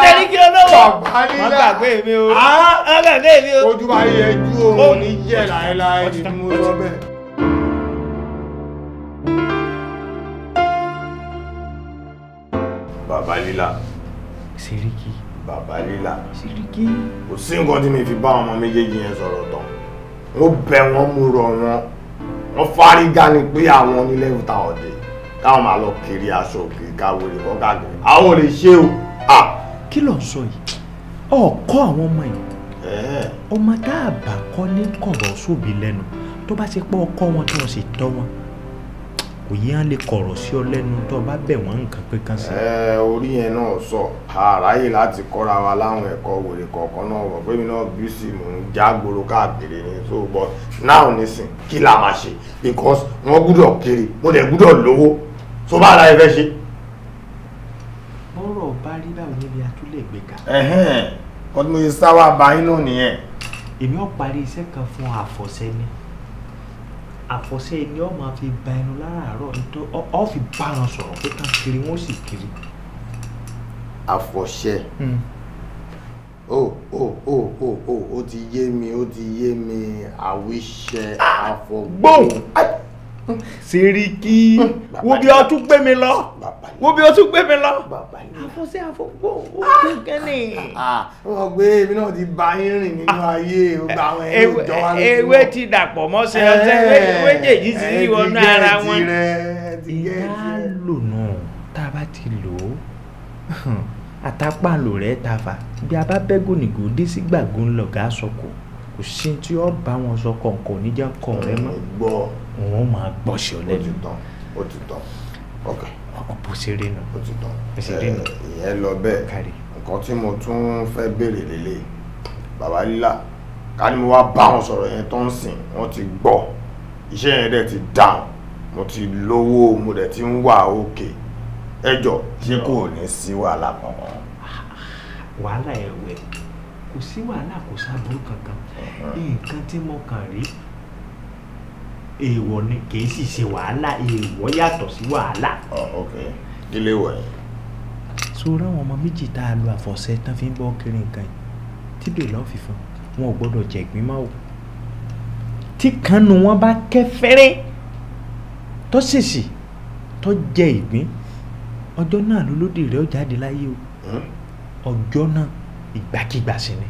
Speaker 4: sẹ́ríkì olówó. bàbá wọ́n gbàgbé
Speaker 5: mi o. wọ́n gbàgbé mi o. ojú ayé ẹjú òun ní yẹ láéláé ni mo bàbá lílá. sẹ́ríkì. bàbá lílá. sẹ́ríkì. kò sí nǹkan tí mi fi bá ọmọ méjèèjì yẹn sọ̀rọ̀ tán. ó bẹ wọn mú rọ wọn wọ́n fárígá ni pé àwọn onílẹ́wù ta ọ̀dẹ̀ káwọn máa lọ kiri aṣọ òkè káwèrè kọ́ káàkiri àwọn ò lè ṣe o. kí ló ń
Speaker 9: sọ yìí ọkọ àwọn ọmọ yìí ọmọ tá a bá kọ́ ní kọ̀rọ̀
Speaker 5: sóbì lẹ́nu tó bá ti pọ́ ọkọ
Speaker 9: wọn tí wọ́n sì tọ́ wọn òye á lè kọ̀rọ̀ sí ọ lẹ́nu tó o bá bẹ̀ wọ́n nǹkan pé kan sí.
Speaker 5: ẹ orí yẹn náà sọ àráyè láti kọ́ra wa láwọn ẹ̀kọ́ wèrè kọ̀ọ̀kan náà wọ̀ pé mi náà bí sì mò ń já gbòòrò káàkiri ni so but now nisin kí la máa ṣe because wọ́n gbúdọ̀ kiri mo dẹ̀ gbúdọ̀ lówó tó bá ara ẹ fẹ́ ṣe.
Speaker 9: ọ̀rọ̀ bá rí báwo níbi àtúlẹ̀ gbẹ̀gà.
Speaker 5: ẹ̀hẹ́n ọdún mo ṣe sáwà báyìí náà nìyẹn. èmi ò parí iṣẹ́ kan fún àfọ̀sẹ́ àfọ̀ṣẹ ni ọ máa fi ba ẹnu láàárọ̀ nítorí ọ
Speaker 9: fi bá wọn sọ̀rọ̀ pé kàn kiri wọn sì kiri.
Speaker 5: àfọ̀ṣẹ. ó ó ó ó ó ó ti yé mi ó ti yé mi àwíṣẹ àfọ̀gbọ́n. gbọ́n
Speaker 4: sìrìkì wo bí
Speaker 5: o tún gbé mi lọ wo bí o tún gbé mi lọ
Speaker 9: àfọ̀sí àfọ̀gbọ́ ó gbé kẹ́ni.
Speaker 5: wọ́n gbé èmi di ti bá yín rìn nínú ayé gbogbo àwọn ẹ̀rọ ìjọ wa lójú. ewé
Speaker 4: ti dàpọ̀ mọ́ ṣe ọṣẹ eh, ewé jèjì sí eh, ìwọnú ara wọn.
Speaker 5: ìyá
Speaker 9: lò náà tá a bá ti lò ó àtàpàlò rẹ̀ ta fà bí a bá bẹ́ gònìgò dé sí gbàgbọ́n lọ̀gá sọkò kò sí tí ó bá wọn
Speaker 5: sọkọ̀ nǹkan oníjà kọ̀ rẹ mọ́ wọn máa gbọ́ṣẹ́ ọ lẹ́nu. ó ti tán ó ti tán ok. bó ṣe rí nu. ó ti tán bó ṣe rí nu. Eh, ìyẹn lọ bẹ́ẹ̀ kárí. nǹkan tí mo tún fẹ́ béèrè lélẹ̀ bàbá lílà ká ní mo wá bá wọn sọ̀rọ̀ yẹn tó ń sìn wọ́n ti gbọ́ iṣẹ́ yẹn dẹ̀ ti dáhùn mo ti lówó mo dẹ̀ ti ń wà òkè ẹjọ́ ṣé kò ní sí wàhálà kankan.
Speaker 9: wàhálà ẹ̀wẹ̀ kò sí wàhálà kò sábò kankan nǹkan tí mo kàn rí èèwọ̀ ni kì í sì ṣe wàhálà èèwọ̀ yàtọ̀ sí wàhálà.
Speaker 5: Oh, ok ilé wọ̀ yẹn.
Speaker 9: so ráwọn ọmọ méjì tá a lo àfọ̀ṣẹ tán fi ń bọ́ kiri nǹkan yìí tí dèlè ọ́ fífún wọn ò gbọ́dọ̀ jẹ̀gbín máa wò tí kanu wọn bá kẹ́ fẹ́rẹ́ tó ṣèṣì tó jẹ ìgbín ọjọ́ náà lólódì rẹ̀ ó jáde láyé o hmm? ọjọ́ náà ìgbàkigbà sí ni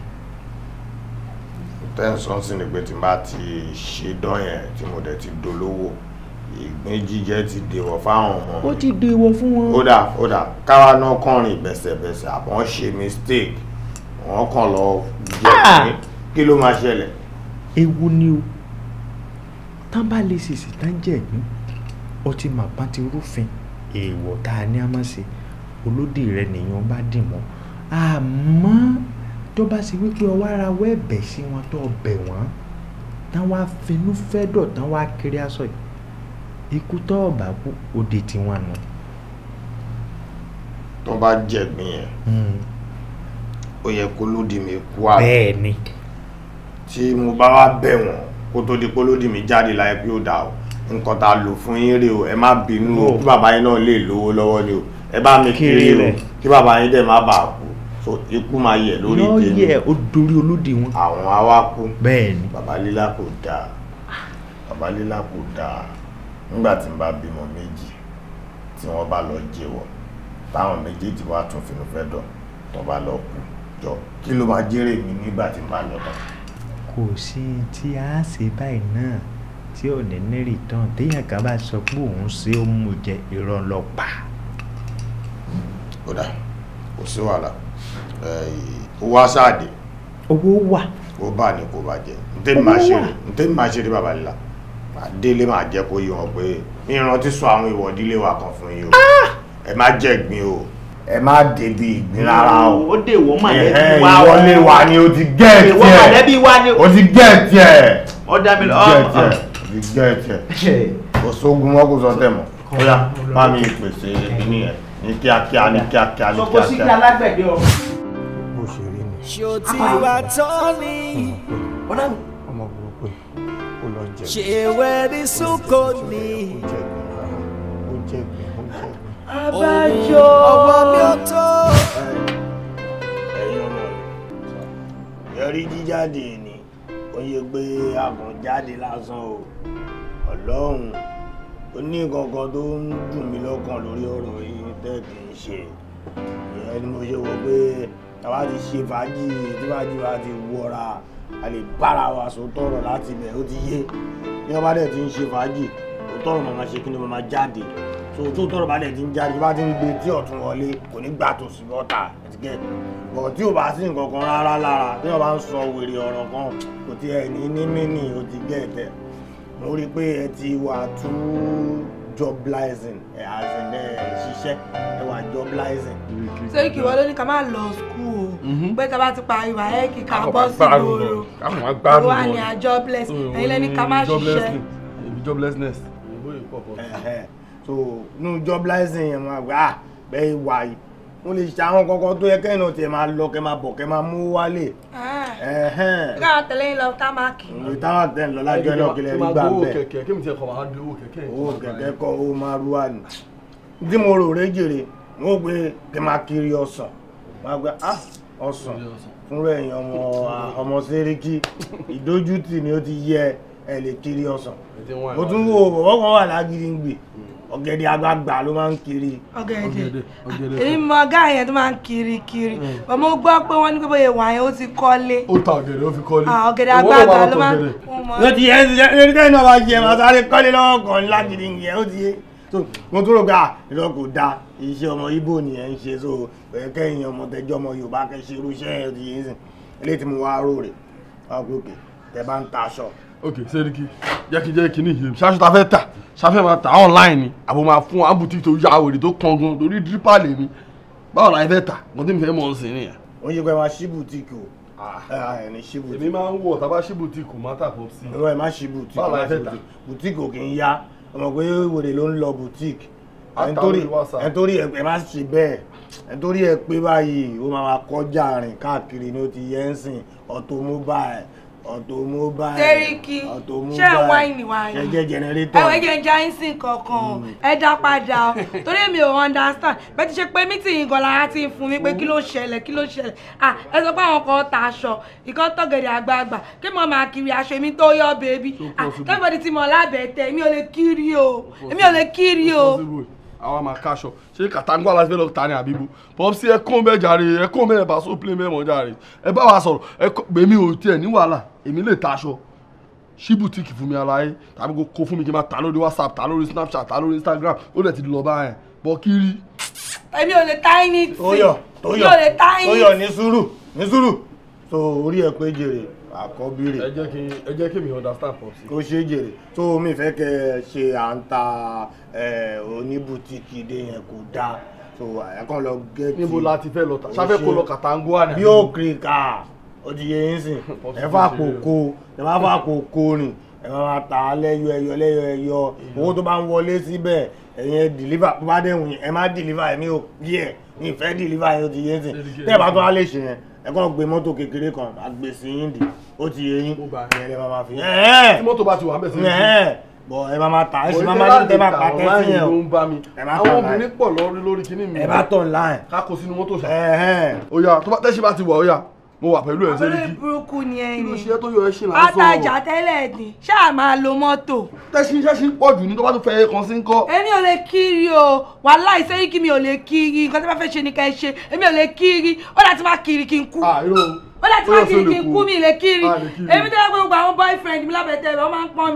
Speaker 5: tẹ́ǹsán sì ni pé tí n bá ti ṣe dán yẹn tí mo dẹ̀ ti dolówó ìgbín jíjẹ ti dèwọ̀ fáwọn ọmọ mi. ó
Speaker 9: ti dèwọ̀ fún wọn. ó
Speaker 5: dà ó dà káwa náà kọrin bẹ̀sẹ̀bẹ̀sẹ̀ àbọ̀ ń ṣe mistake wọ́n kàn lọ jẹ́ ah! pé kí ló máa ṣẹlẹ̀. ewu ni
Speaker 9: o tán bá lè ṣèṣì tán jẹ́ ìgbín ọtí màpá ti rúfin èèwọ̀ tá a ní a máa ṣe olódì rẹ nìyẹn bá dì mọ́ àmọ́. Ah, tó bá ṣe wípé ọwọ́ ara wọ ẹ̀bẹ̀ sí wọn tó bẹ̀ wọ́n tán wá finú fẹ́ dọ̀ tán wá kiri aṣọ yìí ikú tó ọ̀bà kú òde tí
Speaker 5: wọ́n nù. tó bá jẹ̀bi yẹn hmm. ó yẹ kó lódì mi kú àbí. bẹ́ẹ̀ ni. tí mo bá wá bẹ̀ wọ́n kó tó di pé lódì mi jáde láyé pé ó dà o nǹkan tá a lò fún yín rè o ẹ má bínú o kí bàbá yín náà lè lówó lọ́wọ́ ni o ẹ bá mi kiri o kí bàbá yín dẹ̀ má bà o so ikú máa yẹ lórí tèmi yọ yẹ ó
Speaker 9: dorí olóde wọn.
Speaker 5: àwọn awakú bẹ́ẹ̀ni babalíla kò dáa babalíla kò dáa nígbà tí n bá bímọ méjì tí wọn bá lọ jẹ́wọ́ táwọn méjèèjì wá tún fínú fẹ́ dọ̀ tó bá lọ kú jọ kí ló máa jèrè mi nígbà tí n bá lọ tán.
Speaker 9: kò sí tí a ṣe báyìí náà tí ò ní ní rìtàn téèyàn kan bá sọ pé òun ṣe ó mú jẹ
Speaker 5: ìrànlọ́pàá. kódà kò sí wàhálà. Eh, owó asáàdì. owó wà. ó bá ní kò bá jẹ ntẹ́ni máa ṣe rí bàbá lílà délé máa jẹ́ kó yí wọn pé ìrántí sọ àwọn ìwọ̀dílé wa kan fún yín o ah! ẹ má jẹ́ gbin o ẹ má dèbí ìgbín rárá o. ó dè wọ́n
Speaker 9: mọ̀lẹ́bí wa o. ìwọlé
Speaker 5: wa ni o ti gẹ́ẹ̀tì ẹ̀. ìwọ mọ̀lẹ́bí wa ni o. ti gẹ́ẹ̀tì ẹ̀. ó dá mi lọ. gẹ́ẹ̀tì o ti gẹ́ẹ̀tì ẹ̀. kò sógun wọn kò sọ tẹ̀ mọ́. kóyá bá mi pèsè ìbí ní kíákíá ní kíákíá ní kíákíá.
Speaker 2: sọ
Speaker 6: ṣó ti wá tán ni. ọmọ burúkú ó lọ jẹ. ṣé wẹ́ẹ́rì sunko ni. ó jẹ abájọ ọwọ́ mi ò tó.
Speaker 5: yọrí jíjáde ni ó yẹ pé àgàn jáde lásán o ọlọ́run ó ní kankan tó ń dùn mí lọ́kàn lórí ọ̀rọ̀ yìí tẹ́ kì í ṣe ìyẹn ni mo ṣe wọ pé tàbá ti ṣe fàájì tíwájú wa ti wọra a lè bára wa sòótọ́ ọ̀rọ̀ láti ibẹ̀ ó ti yé bí wọ́n dẹ̀ ti ń ṣe fàájì òótọ́ màmá ṣe kí ni màmá jáde so tó tọrọ bá dẹ̀ ti ń jáde bá ti ń gbé tí ọ̀tún wọlé kò ní gbà tó sí bọ́tà ẹ̀tìkẹ́ bọ̀ tí ò bá sí nǹkan kan rárá lára tí wọ́n bá ń sọ wèrè ọ̀rọ̀ kan kò tiẹ̀ ní ní mímì ó ti gẹ̀ẹ́tẹ̀ mo pé ẹ ti wà tún joblizing ẹ eh, as in ẹ eh, ṣiṣẹ́ ẹ wà joblizing. ṣé kí wọ́n ló
Speaker 2: ní ká máa lọ skul o mhm. pé tá a bá ti parí wa ẹ kí ká bọ́ sí ìgboro ó wà ní a jobless ẹ̀yin lẹ́ni ká máa ṣiṣẹ́.
Speaker 5: joblessness ìbò yìí so nu joblizing yẹn máa gbà ah, bẹ́ẹ̀ wà mo lè ṣe àwọn kankan tó yẹ kẹ́yìn náà tiẹ̀ máa lọ kẹ́ máa bọ̀ kẹ́ máa mú wálé. Ah.
Speaker 2: ká tẹ̀lé ń lọ támákì.
Speaker 5: táwọn tẹ̀ ń lọ lájọ́ náà kílẹ̀ rí gbà bẹ́ẹ̀.
Speaker 8: kẹ̀kẹ́ kí mi tiẹ̀ kọ́ máa dé owó kẹ̀kẹ́ yìí. owó kẹ̀kẹ́
Speaker 5: kọ́ owó máa rú wa nì. tí mo rò rè jèrè mo gbé kí máa kiri ọsàn máa gbé ah ọsàn fúnra ẹ̀yìn ọmọ ọmọ sẹ́ríkì ìdójútì ni ó ti yẹ ẹ̀ lè kiri ọsàn. mo tún wo bọ̀bọ̀ kan wà lágídí ń gbè hmm ọ̀gẹ̀dẹ̀ àgbààgbà ló máa ń kiri. ọ̀gẹ̀dẹ̀ èmi
Speaker 2: mọ ọgá yẹn tó máa ń kiri kiri mm. bàmú gbọ́ pé wọ́n ní pé bóyá ìwà yẹn ó ti kọ́lé.
Speaker 5: ó ta ọ̀gẹ̀dẹ̀ ó fi kọ́lé. Ah, ọ̀gẹ̀dẹ̀ àgbààgbà ló máa ń mọ. ló ti yẹ ẹ ẹ ẹ náà máa yẹ màá sáré kọ́lé lọ́wọ́ kan ńlá gidi nìyẹn ó ti yé mo tó rò pé ìlọ ah, kò da iṣẹ́ ọmọ Ìgbò nìyẹn ń ṣe so kẹ́yìn ọmọ tẹjọ́ ọmọ Yorùbá kẹ́ ṣe irú iṣẹ́ yẹn tẹ ok
Speaker 8: Seriki jẹ́kí jẹ́ kí ni yìí ṣáṣọ ta fẹ́ tà ṣáfẹ́ máa tà online ni àbò máa fún wa bùtíkì tó yá òrì tó kan gan torí dírípà lè mi báwo la fẹ́ tà mo ti fẹ́ mọ̀ ọ́n sìn nìyẹn. oúnjẹ
Speaker 5: pé máa ṣí bùtíkì o ẹni ṣí bùtíkì. èmi máa ń wọ̀ tábà ṣí bùtíkì máa tà pọ̀ sí. ẹ̀rọ ẹ̀ má ṣí bùtíkì báwo la fẹ́ tà bùtíkì ò kì í yá ọmọ pé wèrè ló ń lọ bùtíkì ẹ̀ńtórí ẹ̀ má ṣe bẹ́ẹ̀ ẹ̀ńtórí ọ̀tọ̀ mobile tẹ́ríkì ṣé ẹ̀ wáìnì wáìnì ṣẹjẹ jẹnẹrétọ̀ ẹ̀wọ̀n ẹ̀jẹ̀
Speaker 2: jáìnsìn kankan mm. ẹ dá padà o torí èmi ò understand bẹ́ẹ̀ ti ṣe pé mítìyìn gan lára ti ń fún mi pé kí ló ṣẹlẹ̀ kí ló ṣẹlẹ̀ ah ẹ sọ pé àwọn kan ta aṣọ ìkan tọ̀gẹ̀dẹ̀ àgbààgbà kí mo máa kiri aṣọ èmi tó yọ bèbí ah kẹ́fọ́dì ti mọ̀ lábẹ́ tẹ̀ èmi ò lè kiri
Speaker 8: o èmi ò lè kiri o àwa máa káṣọ ṣé kàtàǹgbà láti fẹ́ lọ ta ni àbíbo pọ́psí ẹ kún bẹ́ẹ̀ jàre ẹ kún bẹ́ẹ̀ bá so plé mẹ́mọ́ jàre ẹ bá wa sọ̀rọ̀ ẹ gbèmí ò tiẹ̀ ní wàhálà èmi lè ta aṣọ ṣí bùtíkì fún mi aláyé tàbí kò kó fún mi kí n máa ta lórí whatsapp ta lórí snapchat ta lórí instagram ó dẹ̀ ti lọ bá yẹn bọ́ kiri.
Speaker 2: èmi ò lè ta ẹni tí tóyọ tóyọ tóyọ ní
Speaker 8: sùúrù
Speaker 5: ní sùúrù so orí ẹ pé jèrè àkọ́bí rẹ̀.
Speaker 8: ẹ jẹ́ kí mi understand
Speaker 10: pọ̀
Speaker 5: sí. kò ṣeé jèrè tó mi fẹ́ kẹ́ ẹ ṣe à ń ta oníbùtíkì dé yẹn kò dáa so ẹ kàn lọ gẹ́tì. níbo la ti fẹ́ lọ tà sáfẹ́ kó lọ kàtàngóà ni. bí ó kiri ká ó ti yẹ yín sìn ẹ fà kókó ẹ má fà kókó rìn ẹ má má ta lẹ́yọ ẹyọ lẹ́yọ ẹyọ owó tó bá ń wọlé síbẹ̀ ẹ̀yin deliver bó bá dẹ̀ wù yín ẹ má deliver ẹ̀mí ò yẹ ní ìfẹ́ deliver yín ó ti yẹ sìn tẹ́ẹ̀ bá tó wá lè ṣe yẹn ẹ kàn gbé mọ́tò kékeré kan àgbèsè yín dì ó ti yé yín ìyẹn lè máa fi yín. tí mọ́tò
Speaker 8: bá ti wà á bẹ̀ sí yín.
Speaker 5: bọ̀ ẹ máa ta ẹ sì máa máa ní tẹ máa pàtẹ́ sí yẹn o ẹ máa tọ̀ láì. àwọn obìnrin
Speaker 8: pọ̀ lórí lórí kíní mi. ẹ bá tọ̀ láì. ká kó sínú mọ́tò ṣá. ó yá tó bá tẹ́sí bá ti wà ó yá mo wà pẹ̀lú ẹ̀ ṣe rí kí. burúkú ni ẹ ni kí ló ṣe tó yọ ẹ ṣe là ń sọ. àtàjà
Speaker 2: tẹ́lẹ̀ ni ṣáà máa lo mọ́tò. tẹ́sí ṣẹ́sí pọ̀ jù ní tó bá tún fẹ́ kan sí ń kọ́. èmi ò lè kiri o wàhálà ìṣẹ́yìn kí mi ò lè kiri nǹkan tí wọ́n fẹ́ ṣe ni ká ẹ ṣe èmi ò lè kiri ó dàtí máa kiri kí n kú. Ah, ó dàtí máa kiri kí n kú mi ah, lè kiri èmi tó yẹ gbogbo àwọn boyfriend mi lábẹ́tẹ̀ rẹ̀ wọ́n máa ń pọ́n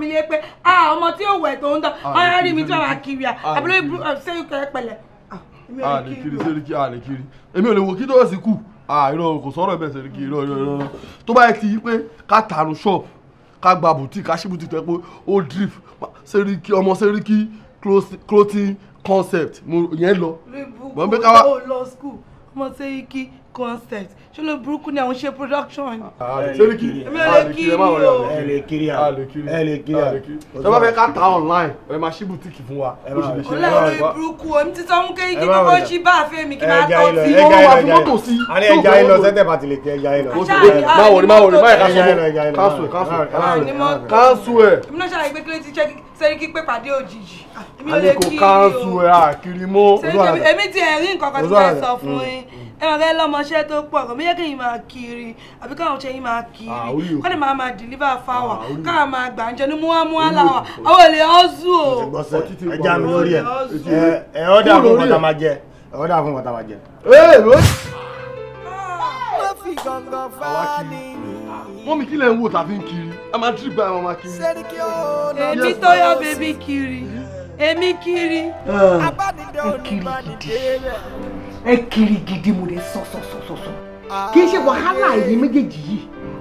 Speaker 8: mi àìrọ kò sọ̀rọ̀ ẹ̀bẹ̀ sẹ̀ríkì irọ́ irọ́ irọ́ tó bá yẹ ti yí pé ká tànù ṣọ́ọ̀bù ká gba boutique ká ṣí boutique tó yẹ pé ó drip sẹ̀ríkì ọmọ sẹ̀ríkì clothing concept yẹn lọ.
Speaker 2: lóyún bó lọ school ọmọ sẹ̀ríkì concept ṣé ló burúkú ni àwọn ṣe production. àlèkiri ah, ah, àlèkiri ah, ẹ má wọlé àwọn
Speaker 8: àlèkiri àlèkiri àlèkiri tó bá fẹ́ ká ta online ẹ máa ṣí bùtíkì fún wa ó sì lè ṣe lọ́wọ́ wa. olórí
Speaker 2: burúkú omi ti sọ fún kéyìí kí ló kọ́ ṣí bá a fẹ́ mi kí máa tọ́ sí i. wọ́n wá fi
Speaker 5: mọ́tò sí i. àní ẹja yín lọ sẹ́tẹ̀ bá ti lè kí ẹja yín lọ. má wọlé má wọlé má yẹ ká sọ fún kánṣu ẹ kánṣu ẹ.
Speaker 2: mi náà ṣàlàyé pé kí ló ti ṣe sẹ́rí kí pé pàdé òjijì. àní kò kánṣu
Speaker 5: ẹ
Speaker 8: àkìrí mọ́. èmi
Speaker 2: ti ẹ̀rí nǹkan kan ti fẹ́ sọ fún yín ẹ̀rọ rẹ lọ́mọṣẹ́ tó pọ̀ bóyá kẹ́yìn máa kiri àbí káwọn ọ̀ṣẹ́ yín máa kiri ah, kọ́ni máa máa deliver fáwà ah, káwọn máa gbà ń jẹ ní múwá láwà àwọn olè ọ́zù
Speaker 5: o. ẹja mi lórí ẹ ẹ ọ̀dà fún kọ́tà máa jẹ ẹ ọ̀dà fún kọ́tà máa jẹ. wọ́n mi ah, kí ń wò tàbí ń kiri a máa dìrì bá àwọn máa
Speaker 8: kiri.
Speaker 6: èmi tó yọ bèbí kiri èmi kiri.
Speaker 8: ẹ
Speaker 2: kiri gidi ẹ kiri gidi mo lè sọ sọ sọ sọ kì
Speaker 3: í ṣe wàhálà ẹ̀yin méjèèjì yìí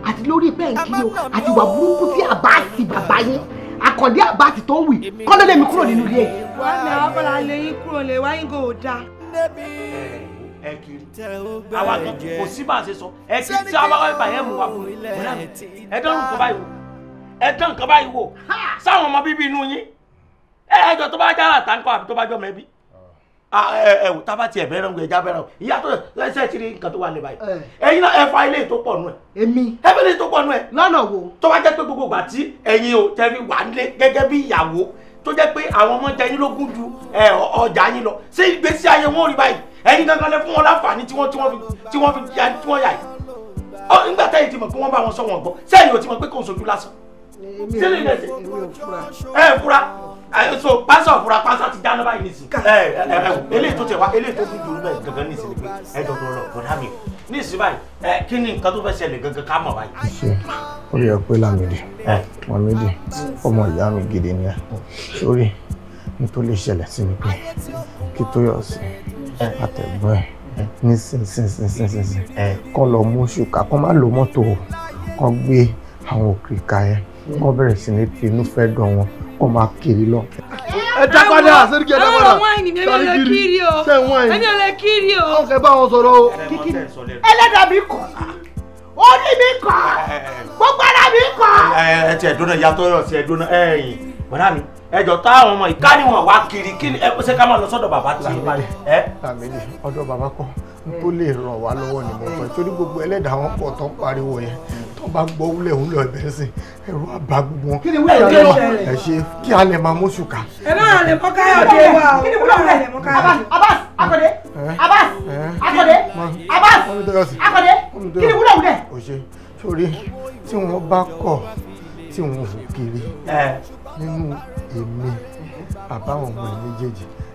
Speaker 3: àti lórí bẹ́ẹ̀kì o àti ìwà burúkú tí àbáàsì bàbá yín àkàndé àbáàsì tó ń wì kọ́lé lèmi kúrò nínú ilé
Speaker 2: wọ́n ní bọ́lá lè yín kúrò lè wáyé gò dá.
Speaker 4: àwa tó kò sí bá a ṣe sọ ẹ ti tí a bá wá bá mú wa bùn ẹ dán nǹkan báyìí wò ẹ dán nǹkan báyìí wò sáwọn ọmọ bíbí inú yín ẹ ẹjọ tó bá jára àtàǹkọ àbí tó bá jọ mẹbí Ah, ẹ wò tá a bá tiẹ̀ bẹ́ẹ̀ rẹ̀ ẹja bẹ́ẹ̀ rẹ̀ ìyá tó lẹ́sẹ̀ tí nǹkan tó wà lè báyìí ẹ̀yin náà ẹ fa ilé tó pọ̀ nù ẹ̀. èmi ẹbí ilé tó pọ̀ nù ẹ̀. lọ́nà wo. tó bá jẹ́ pé gbogbo ìgbà tí ẹ̀yin ò tẹ́ fi wà nílé gẹ́gẹ́ bí ìyàwó tó jẹ́ pé àwọn ọmọ jẹ yín lógún ju ọjà yín lọ ṣé ìgbésí ayé wọn rí báyìí ẹ̀yin gangan lẹ fún wọn láǹfààní tí wọ́n tí wọ́n fi tí wọ́n yà yìí nígbà tẹ́yìn ti mọ̀ pé wọ́n so pásọ̀ fúra pásọ̀ ti dáná báyìí nìsín. eléyìí tó tẹ̀ wá eléyìí tó tún jòrò bẹ́ẹ̀ gangan nìsín ni pé ẹ dọ̀dọ̀ rọ̀ bọ̀dá mi nìsín báyìí kí ni nǹkan tó fẹ́ ṣẹlẹ̀ gangan ká mọ̀ báyìí.
Speaker 5: ṣe ó yẹ pé Lámìdí Lámìdí ọmọ ìyá mi gidi ni ẹ sórí ní tó lè ṣẹlẹ̀ sí ni pé kí tó yọ sí àtẹ̀gbọ́n ẹ̀ nísinsinsinsinsin kọ́ lọ mú ṣùkà kọ́ má lo mọ́tò kọ́ gbé àwọn òkè ká yẹn kọ́ bẹ̀rẹ̀ sí ní tinú fẹ́ dán wọn ó máa kiri lọ.
Speaker 10: ẹ dá padà sẹ́ríkì ẹ dá padà sẹ́ríkì kiri ṣe ń wáyé ẹni
Speaker 6: ọ̀lẹ́ kiri o. ọ̀kẹ́ bá wọn sọ̀rọ̀ o. ẹlẹ́dàá mi kọ̀ orí mi kọ̀ gbogbo ara mi kọ̀.
Speaker 4: ẹ ti ẹ̀dùn náà yàtọ̀ ọ̀rọ̀ sí ẹ̀dùn náà ẹ̀yìn bọ̀dá mi ẹjọ táwọn ọmọ ìka ni wọn wá kiri kí ni ẹ ṣe ká máa lọ sọ́dọ̀ bàbá tí ì balẹ̀
Speaker 5: ẹ. làmìlì ọ̀dọ̀ bàbá kan tó lè ràn wá lọ́wọ́ ni mo fẹ́ gbogbo ẹlẹ́dàá wọn pọ̀ tó pariwo yẹn tó bá gbọ́ wúlẹ̀ òun lọ ẹ̀bẹ̀ sí ẹ̀rọ àbá gbogbo wọn. kí ni wúlẹ̀ yóò wá ẹ ṣe kí a lè máa mọ́ṣù ká. ẹ
Speaker 2: máa lè mọ káyọ̀dé wa o Abas, ni wúlẹ̀ lè mọ káyọ̀dé. Abbas
Speaker 5: Akode Abas, Akode Abas, Akode kí ni wúlẹ̀ wúlẹ̀. o ṣe sórí tí wọ́n bá kọ̀ tí wọ́n ò kiri nínú èmi àbáwọn ọmọ ẹ̀ méjèèjì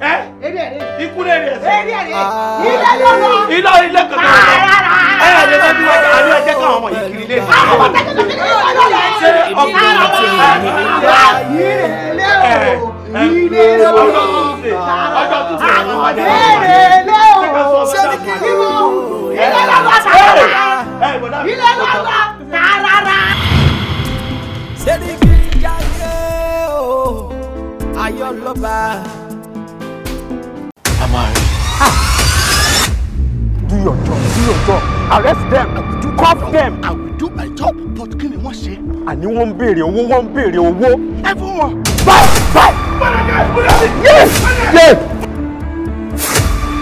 Speaker 4: ẹ ikú lè rí ẹsẹ. ilé ilé kankan
Speaker 10: lọ ẹ ẹ lè lọ́jú
Speaker 4: ẹjẹ àlọ́ ẹjẹ kan ọmọ yìí kiri lé. àwọn ọmọ tẹ́tẹ́ tẹ́tẹ́ tẹ́tẹ́ lọ́wọ́
Speaker 10: ilé ilé o ọjọ́
Speaker 6: tuntun ọjọ́ àwọn ọmọdé ilé ilé o ṣé ní kí ni mo
Speaker 10: ilé lọ́wọ́ tààrà ilé lọ́wọ́ tààrà.
Speaker 6: ṣé ní kí jáde o ayọ̀
Speaker 3: lọ́ba marry. Ah.
Speaker 10: Do your job, do your job.
Speaker 3: Arrest them, I will do cuff them. I will do my job, but
Speaker 4: give me one ṣe? Àní wọ́n ń béèrè owó, wọ́n ń béèrè owó. Everyone. Bye, bye. Yes, yes.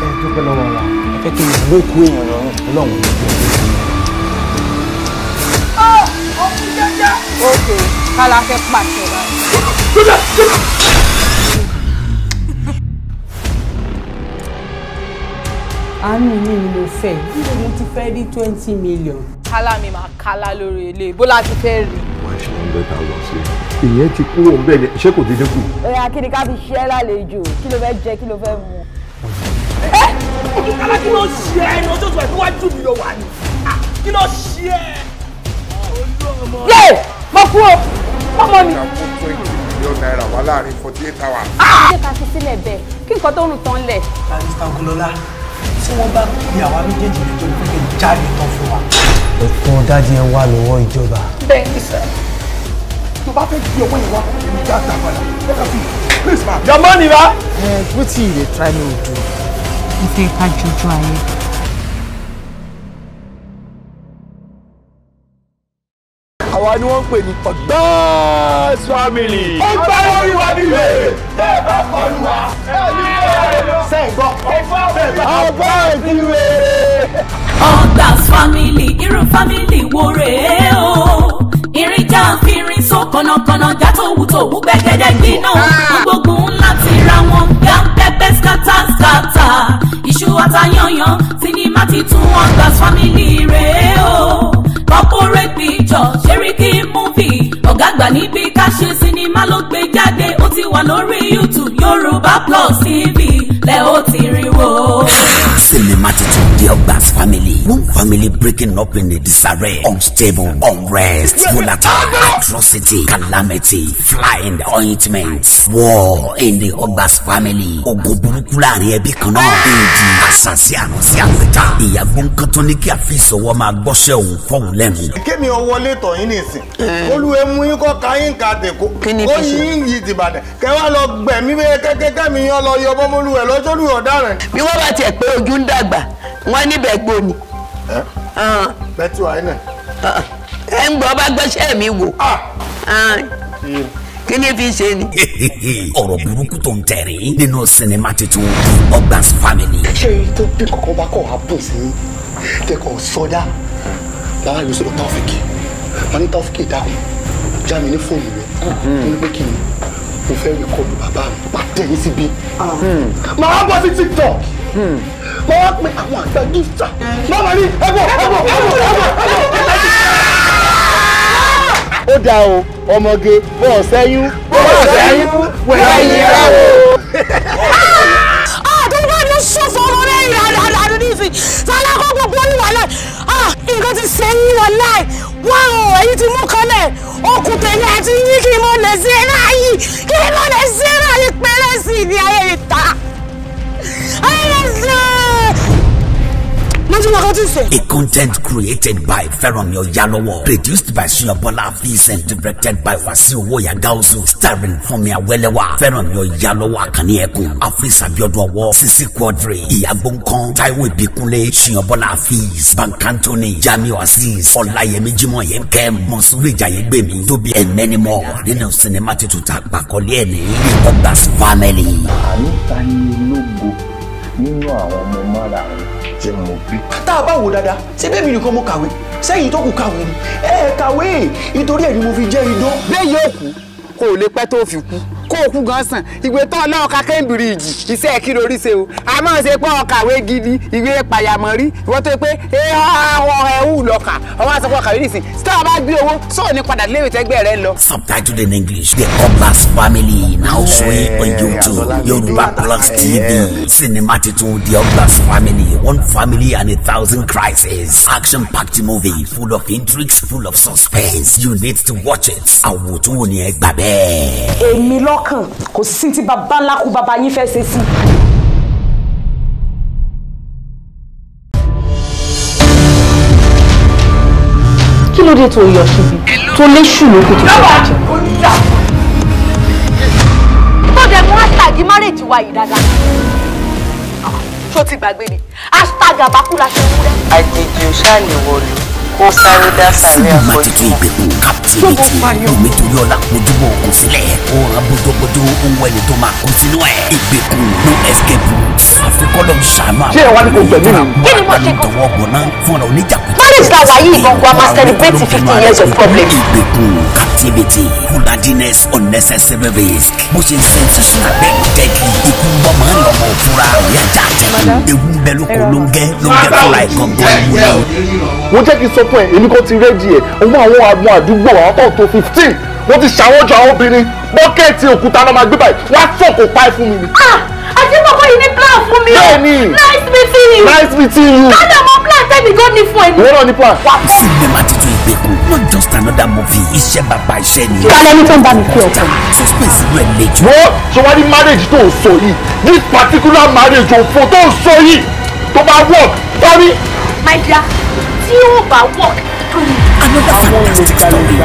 Speaker 4: Ẹ dúpẹ́ lọ́wọ́ wa, ẹ fẹ́ kí
Speaker 9: n ah! okay, kú èèyàn lọ́rùn lọ́wọ́.
Speaker 2: Ó ọkùnrin Okay, àánú yìí ni mo fẹ́ níbo mo ti fẹ́ rí twenty million. kálá mi máa kálá lórí ilé bó láti fẹ́ rí.
Speaker 10: wọ́n ṣe one hundred thousand
Speaker 8: sí i ìyẹn ti kú òun bẹ́ẹ̀ ni ṣé kò dín dínkù.
Speaker 2: ẹ̀yà kí ni ká fi ṣe é lálejò kí ló fẹ́ jẹ kí ló fẹ́ mu. ẹ ojú kálá kí ló ṣe é
Speaker 4: ní ojú ìtura ìwájú mi ló wà ní kí ló ṣe é. yé mo kú o mọ́mọ́ mi.
Speaker 8: mílíọ̀nù náírà wà láàrin forty eight hours.
Speaker 2: ṣé ká fi sílẹ̀ bẹ́ẹ̀ kí nǹkan tó ń tán lẹ̀ tí wọ́n bá
Speaker 4: pe àwa méjèèjì lẹ́jọ́ pé kí n jáde tán fún wa.
Speaker 9: ẹ̀fọn dájú ẹ wà lọ́wọ́ ìjọba.
Speaker 4: bẹ́ẹ̀ ni sir. tó bá fẹ́ di ọwọ́ yẹn wá èmi já gbà padà lọ́kà sí please ma. your money ra.
Speaker 5: ẹ eh, wetin you dey try me to do.
Speaker 4: ìfẹ́ ká jojú ayé.
Speaker 8: àwa ni wọ́n ń pè ní ọ̀gbọ́n family. ó gbá lórí wa nílé.
Speaker 10: tẹ́ ẹ bá kọlu wa. ẹ ní ìwé lọ. sẹ́ǹgbọ́. ọgbà ìdíwé.
Speaker 1: ọ̀gbọ́n family irú family wo rèé o irin já fínrin so kànnàkànnà já tó wù tó wù gbẹgẹdẹ gbiná ah. gbogbo ńlá ti ra wọn gbá pẹpẹ skata skata iṣu àtayànyàn sinimá ti tún ọgbà family rèé o. dàgbà níbi ká ṣe sinimá ló gbé jáde ó ti wà lórí YouTube Yorùbá Plus TV lẹ́ ó ti rìn
Speaker 3: the Ogba's family. One family breaking up in a disarray, unstable, unrest, volatile, atrocity, calamity, flying ointments, war in the Ogba's family. Ogun burúkú láàrin ẹbí kan náà. Èdè àṣàṣì àrùn sí àpẹta. Ìyàgbó nǹkan tó ní kí àfi ìṣòwò máa gbọ́ṣẹ́ òun fọ́hùn lẹ́nu.
Speaker 5: Kémi ọwọ́ lè tọ̀ yín nìsín. Eh. Olúwe mú yín kọ́ ka yín ka tèkó. Ó yín yìí dìbàdàn. Kẹ́wàá lọ gbẹ̀mí bẹ́ẹ̀ kẹ́kẹ́ kẹ́mi yín lọ yọ bọ́mọlúwẹ̀ lọ́jọ́lù ọ̀daràn. Bí wọ́n bá tiẹ̀ pé ojú ń dàgbà wọ́n níbẹ̀ gbó ni. Ah. bẹ́tí wàá náà. Ah. ẹ ń gbọ́ bá
Speaker 3: gbẹ́sẹ̀ mi wò ah. kí ni fi ṣe ni. ọ̀rọ̀ burúkú tó ń tẹ̀rí nínú sinimá titun Ogban's Family. ṣé tó bí kọ̀kọ́ bá kọ̀ wá
Speaker 8: bùn sí tẹkọ̀ sọ́dá lára yóò sọ̀rọ̀ Taofiki wọn ní Taofiki dákun já mi ní fóònù mi hmm. mo ní pé kí ni mo fẹ́ rẹ́kọ̀dù bàbá mi
Speaker 4: pàtẹ́yìn síbí. màá hmm. bọ́ sí TikTok. Hmm mo wá pe àwọn àgbà gífà mọ́mọ́ ní ẹ̀bọ̀ ẹ̀bọ̀ ẹ̀bọ̀ ẹ̀bọ̀.
Speaker 8: ó dáa o ọmọge bọ́ ọ̀ sẹ́yìn bọ́ ọ̀ sẹ́yìn
Speaker 4: wẹ̀rẹ̀ yìí rà o. àdúgbò ni ṣòfò ọmọ rẹ̀ yìí àdúgbò ní ìsìn
Speaker 2: sálá kó gbogbo olúwa náà nǹkan ti sẹ́yìn wọn láì wọ́n ò èyí ti mú kanlẹ̀ okùn tèmi àti yín kí mo lè ṣe ráàyè kí mo lè ṣe ráàyè pẹ́rẹ́ sí ní ayé ìta ayé lè
Speaker 3: lójúmọ́ kan tún sè. a content created by Fẹ́rànmi Ọ̀yálọ́wọ́ produced by Ṣiyọ̀bọ́lá Afeez and directed by Wasiu Owoya Gaozu starring Fúnmi Awẹ́lẹ́wà Fẹ́rànmi Ọ̀yálọ́wọ́ Àkànní Ẹ̀kún Afeez Ọwọ́ Sisi Quadri Ìyàgbọ́nkán Táíwò Ìbíkúnlé Ṣiyọ̀bọ́lá Afeez Bankantoni Jami Jamiu Azeez Ọláyẹmí Jímọ̀yẹ́kẹ́ Mọ̀súrì Jàyẹ́gbẹ̀mí Tóbi and many more nínú sinimá titun tá a gbàkọ́lé ẹ̀ ní Godbless family.
Speaker 5: àánú ta ni ológo nínú àwọn ọmọ mọ́ra àwọn tí mo bí.
Speaker 4: tá a bá wò dáadáa ṣé bẹ́ẹ̀ nìkan mo kàwé sẹ́yìn tó kù kàwé ni ẹ kàwé nítorí ẹ̀ ni mo fi jẹ́ idó. bẹ́ẹ̀ yóò kú kó o lè pẹ́ tó fi kú kó òkú gan sàn ìwé tó ọlọ́ọ̀ Cambridge iṣẹ́ kí lórí ṣe o àmọ́ ṣe pé ọkàwé gidi ìwé pàyàmọ́rí
Speaker 7: ìwọ́n tó pé ẹ̀họ́ ẹ̀hù lọ́kà ọmọ àṣepọ̀ ọkàwé nìsín sítọ́ ọba gbé owó sóò
Speaker 3: ní padà léwé tẹ́gbẹ́ rẹ lọ. subtitled in English the Cutlass family now showing on YouTube Yoruba Plus TV cinema titled the Cutlass family one family and a thousand crises action-packed movie full of intrigues full of suspense you need to watch it àwòtún ò ní ẹ gbà bẹ́ẹ̀.
Speaker 2: èmi lọ́k lọ́kàn kò sí ti bàbá ńlá kú bàbá yín fẹ́ ṣe sí. kí ló dé tó yọ síbi tó léṣù ló kò tó tó bàjẹ́. tó dẹ̀ mú hashtag márèjì wa yìí dáadáa ah. ṣó ti gbàgbé ni hashtag àbákú
Speaker 1: la ṣe wúrẹ́.
Speaker 3: àjèjì ò ṣáà lè wọlé
Speaker 1: kó sáré dá sáré àpòjù. sinima tuntun
Speaker 3: ìgbèkùn captivity omitori ọlá mojúbọ òkun sílẹ̀ òòrùn abojọgbọjọ ohun ẹni tó máa kó sínú ẹ̀ ìgbèkùn no escape route àfikọ́lọ̀ ṣàánú àwọn ọmọ ìlú ìtura àwọn àlùtọ̀wọ́ gbọ̀nà fúnra oníjàkú. marriage la wà yìí
Speaker 2: gbọ̀ngàn a máa celebrate fifty
Speaker 3: years of problem. ìgbèkùn captivity holiness unnecessary risk bó ṣe ń sẹ́ńsì abẹ́ ìjẹ́kì ikú bọ́mọ ń lọ́mọ òfúra ìyájà àtẹ̀kù ewu bẹ́ẹ̀ ló kó lóńgẹ́ lóńgẹ́ fúnra ẹ̀kọ́
Speaker 10: gbọ́ ìwúlò
Speaker 8: mo jẹ́ kí n sọ fún ẹ èmi kò ti rẹ́dí ẹ̀ owó àwọn àwọn àdúgbò àwọn tó tó fifteen wọ́n ti ṣàwọ́jọ àwọn obìnrin bọ́kẹ́ẹ̀tì òkúta náà máa gbé báyìí wọ́n
Speaker 3: á pa ẹ̀ fún mi ah àti yìí ní plan fún mi o. nice
Speaker 10: meeting you. nice meeting you. kádà
Speaker 3: mọ plan tẹ́mi gan ni fún ẹ ní. wọ́n náà ní plan. sinimá titun ìgbèkùn not just another movie iṣẹ́ bàbá iṣẹ́ ni. kálẹ̀ ní tó ń bá mi suspense inú ẹ̀ jù. wọ́n ṣọwádìí
Speaker 4: marriage tó ń sọ yìí this particular marriage òfò tó ń sọ yìí tó bá work torí. my dear tí ó bá work. Um, another fantastic story.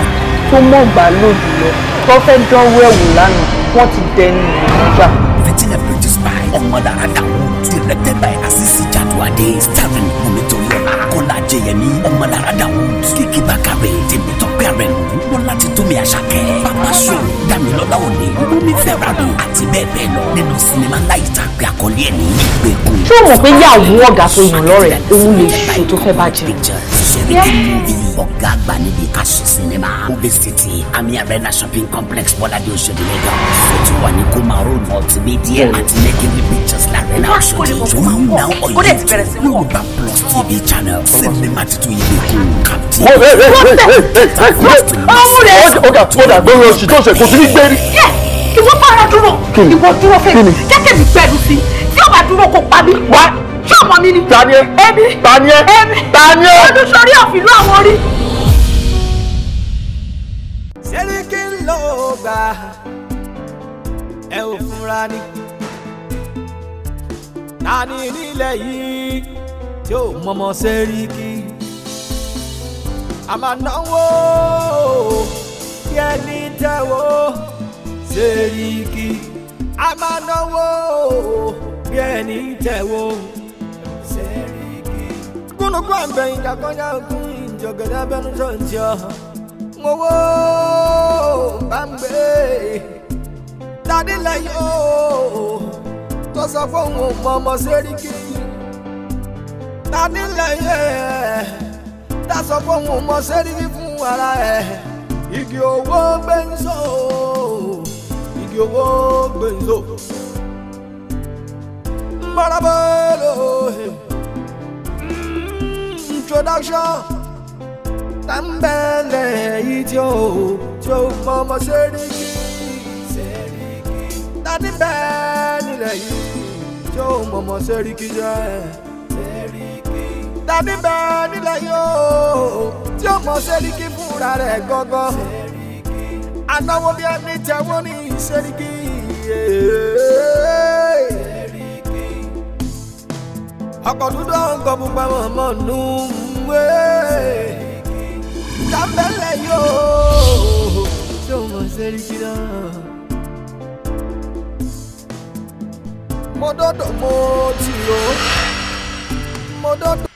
Speaker 2: tó mọ̀ gbà lóògùn
Speaker 3: lọ tó fẹ́ dánwó ẹ̀wù lánàá wọ́n ti dẹnu ìrìnàjà. virginia produced by ọmọlára dàwọn directed by asisi jaduade starring mumitoriola kọ́lá jẹyẹmí ọmọlára dàwọn kíkí bàkàrẹ tèmítọ́pẹ́ rẹ̀ nù wọ́n láti tómi àṣàkẹ́ pápá ṣó dámilọ́lá òní mọ́mí fẹ́ràn àti bẹ́ẹ̀ bẹ́ẹ̀ lọ nínú sinimá láyìí tàgbé àkọlé ẹ̀ ṣé o mọ̀ pé yàwó ọ̀gá tó yàn lọ́rẹ̀ òun lè ṣe tó fẹ́ bàjẹ́. ọ̀gá àgbà níbi kásù sinimá movie city ami arena shopping complex bọ́ládé Òṣòdì Lagos ètò wà ní kó máa rònà multimedia àti negative pictures larena Òṣòdì tó máa ń ná ọ̀yẹ́ Yorùbá Plus TV channel sinimá titun yìí lè kú captain. ọ̀gá ọ̀gá lórí oṣù tó ṣe kò sí ní gbẹ́rí.
Speaker 10: kí wọ́n bá ara dúró
Speaker 3: ìwọ
Speaker 8: dúró fẹ́ẹ́ jákèjì gbẹ́rù sí i tí ó bá dúró kó pa mí. wá ṣé ọmọ mi ni. tani ẹ ẹbí
Speaker 2: tani ẹ ẹbí tani ẹ. ọdún sọrí àfìlú àwọn orí.
Speaker 6: sẹ́ríkì ń lọ gbà ẹ ò fura ni tani nílẹ̀ yìí tí ò mọ̀mọ́ sẹ́ríkì a máa náwó kí ẹni tẹ́wọ́ sẹ́ríkì a máa náwó bí ẹni tẹ̀wó. múnú kó àgbẹ̀ ìjà kọjá òkun ìjọ̀gẹ̀dẹ̀ abẹ́nu tó ń jọ. mo wó bá ń gbé dádé lẹ́yìn o tó sọ fóun ò mọ ọmọ Sẹ́ríkì. dádé lẹ́yìn ẹ̀ tá sọ fóun ò mọ Sẹ́ríkì fún ara ẹ̀ igi owó gbẹ̀nzó igi owó gbẹ̀nzó. Marabolo eh. mm, Introduction Tàmbẹ̀lẹ̀ yìí tí ó tí ó mọ ọmọ Sẹ́ríkì Tani bẹ́ẹ̀ nílẹ̀ yìí tí ó mọ ọmọ Sẹ́ríkì jẹ́ Tani bẹ́ẹ̀ nílẹ̀ yóò tí ó mọ Sẹ́ríkì fúnra rẹ̀ gángan Anáwó bí ẹni tẹ̀wọ́ ní Sẹ́ríkì yìí ọkọ̀dúdú ọ̀gọ̀bùn pàmò mọ̀ nù wé tábẹ́lẹ̀ yóò ṣé o mọ̀ sẹ́ríkì náà.
Speaker 10: mo dọ́dọ̀ mo tì ó mo dọ́dọ̀.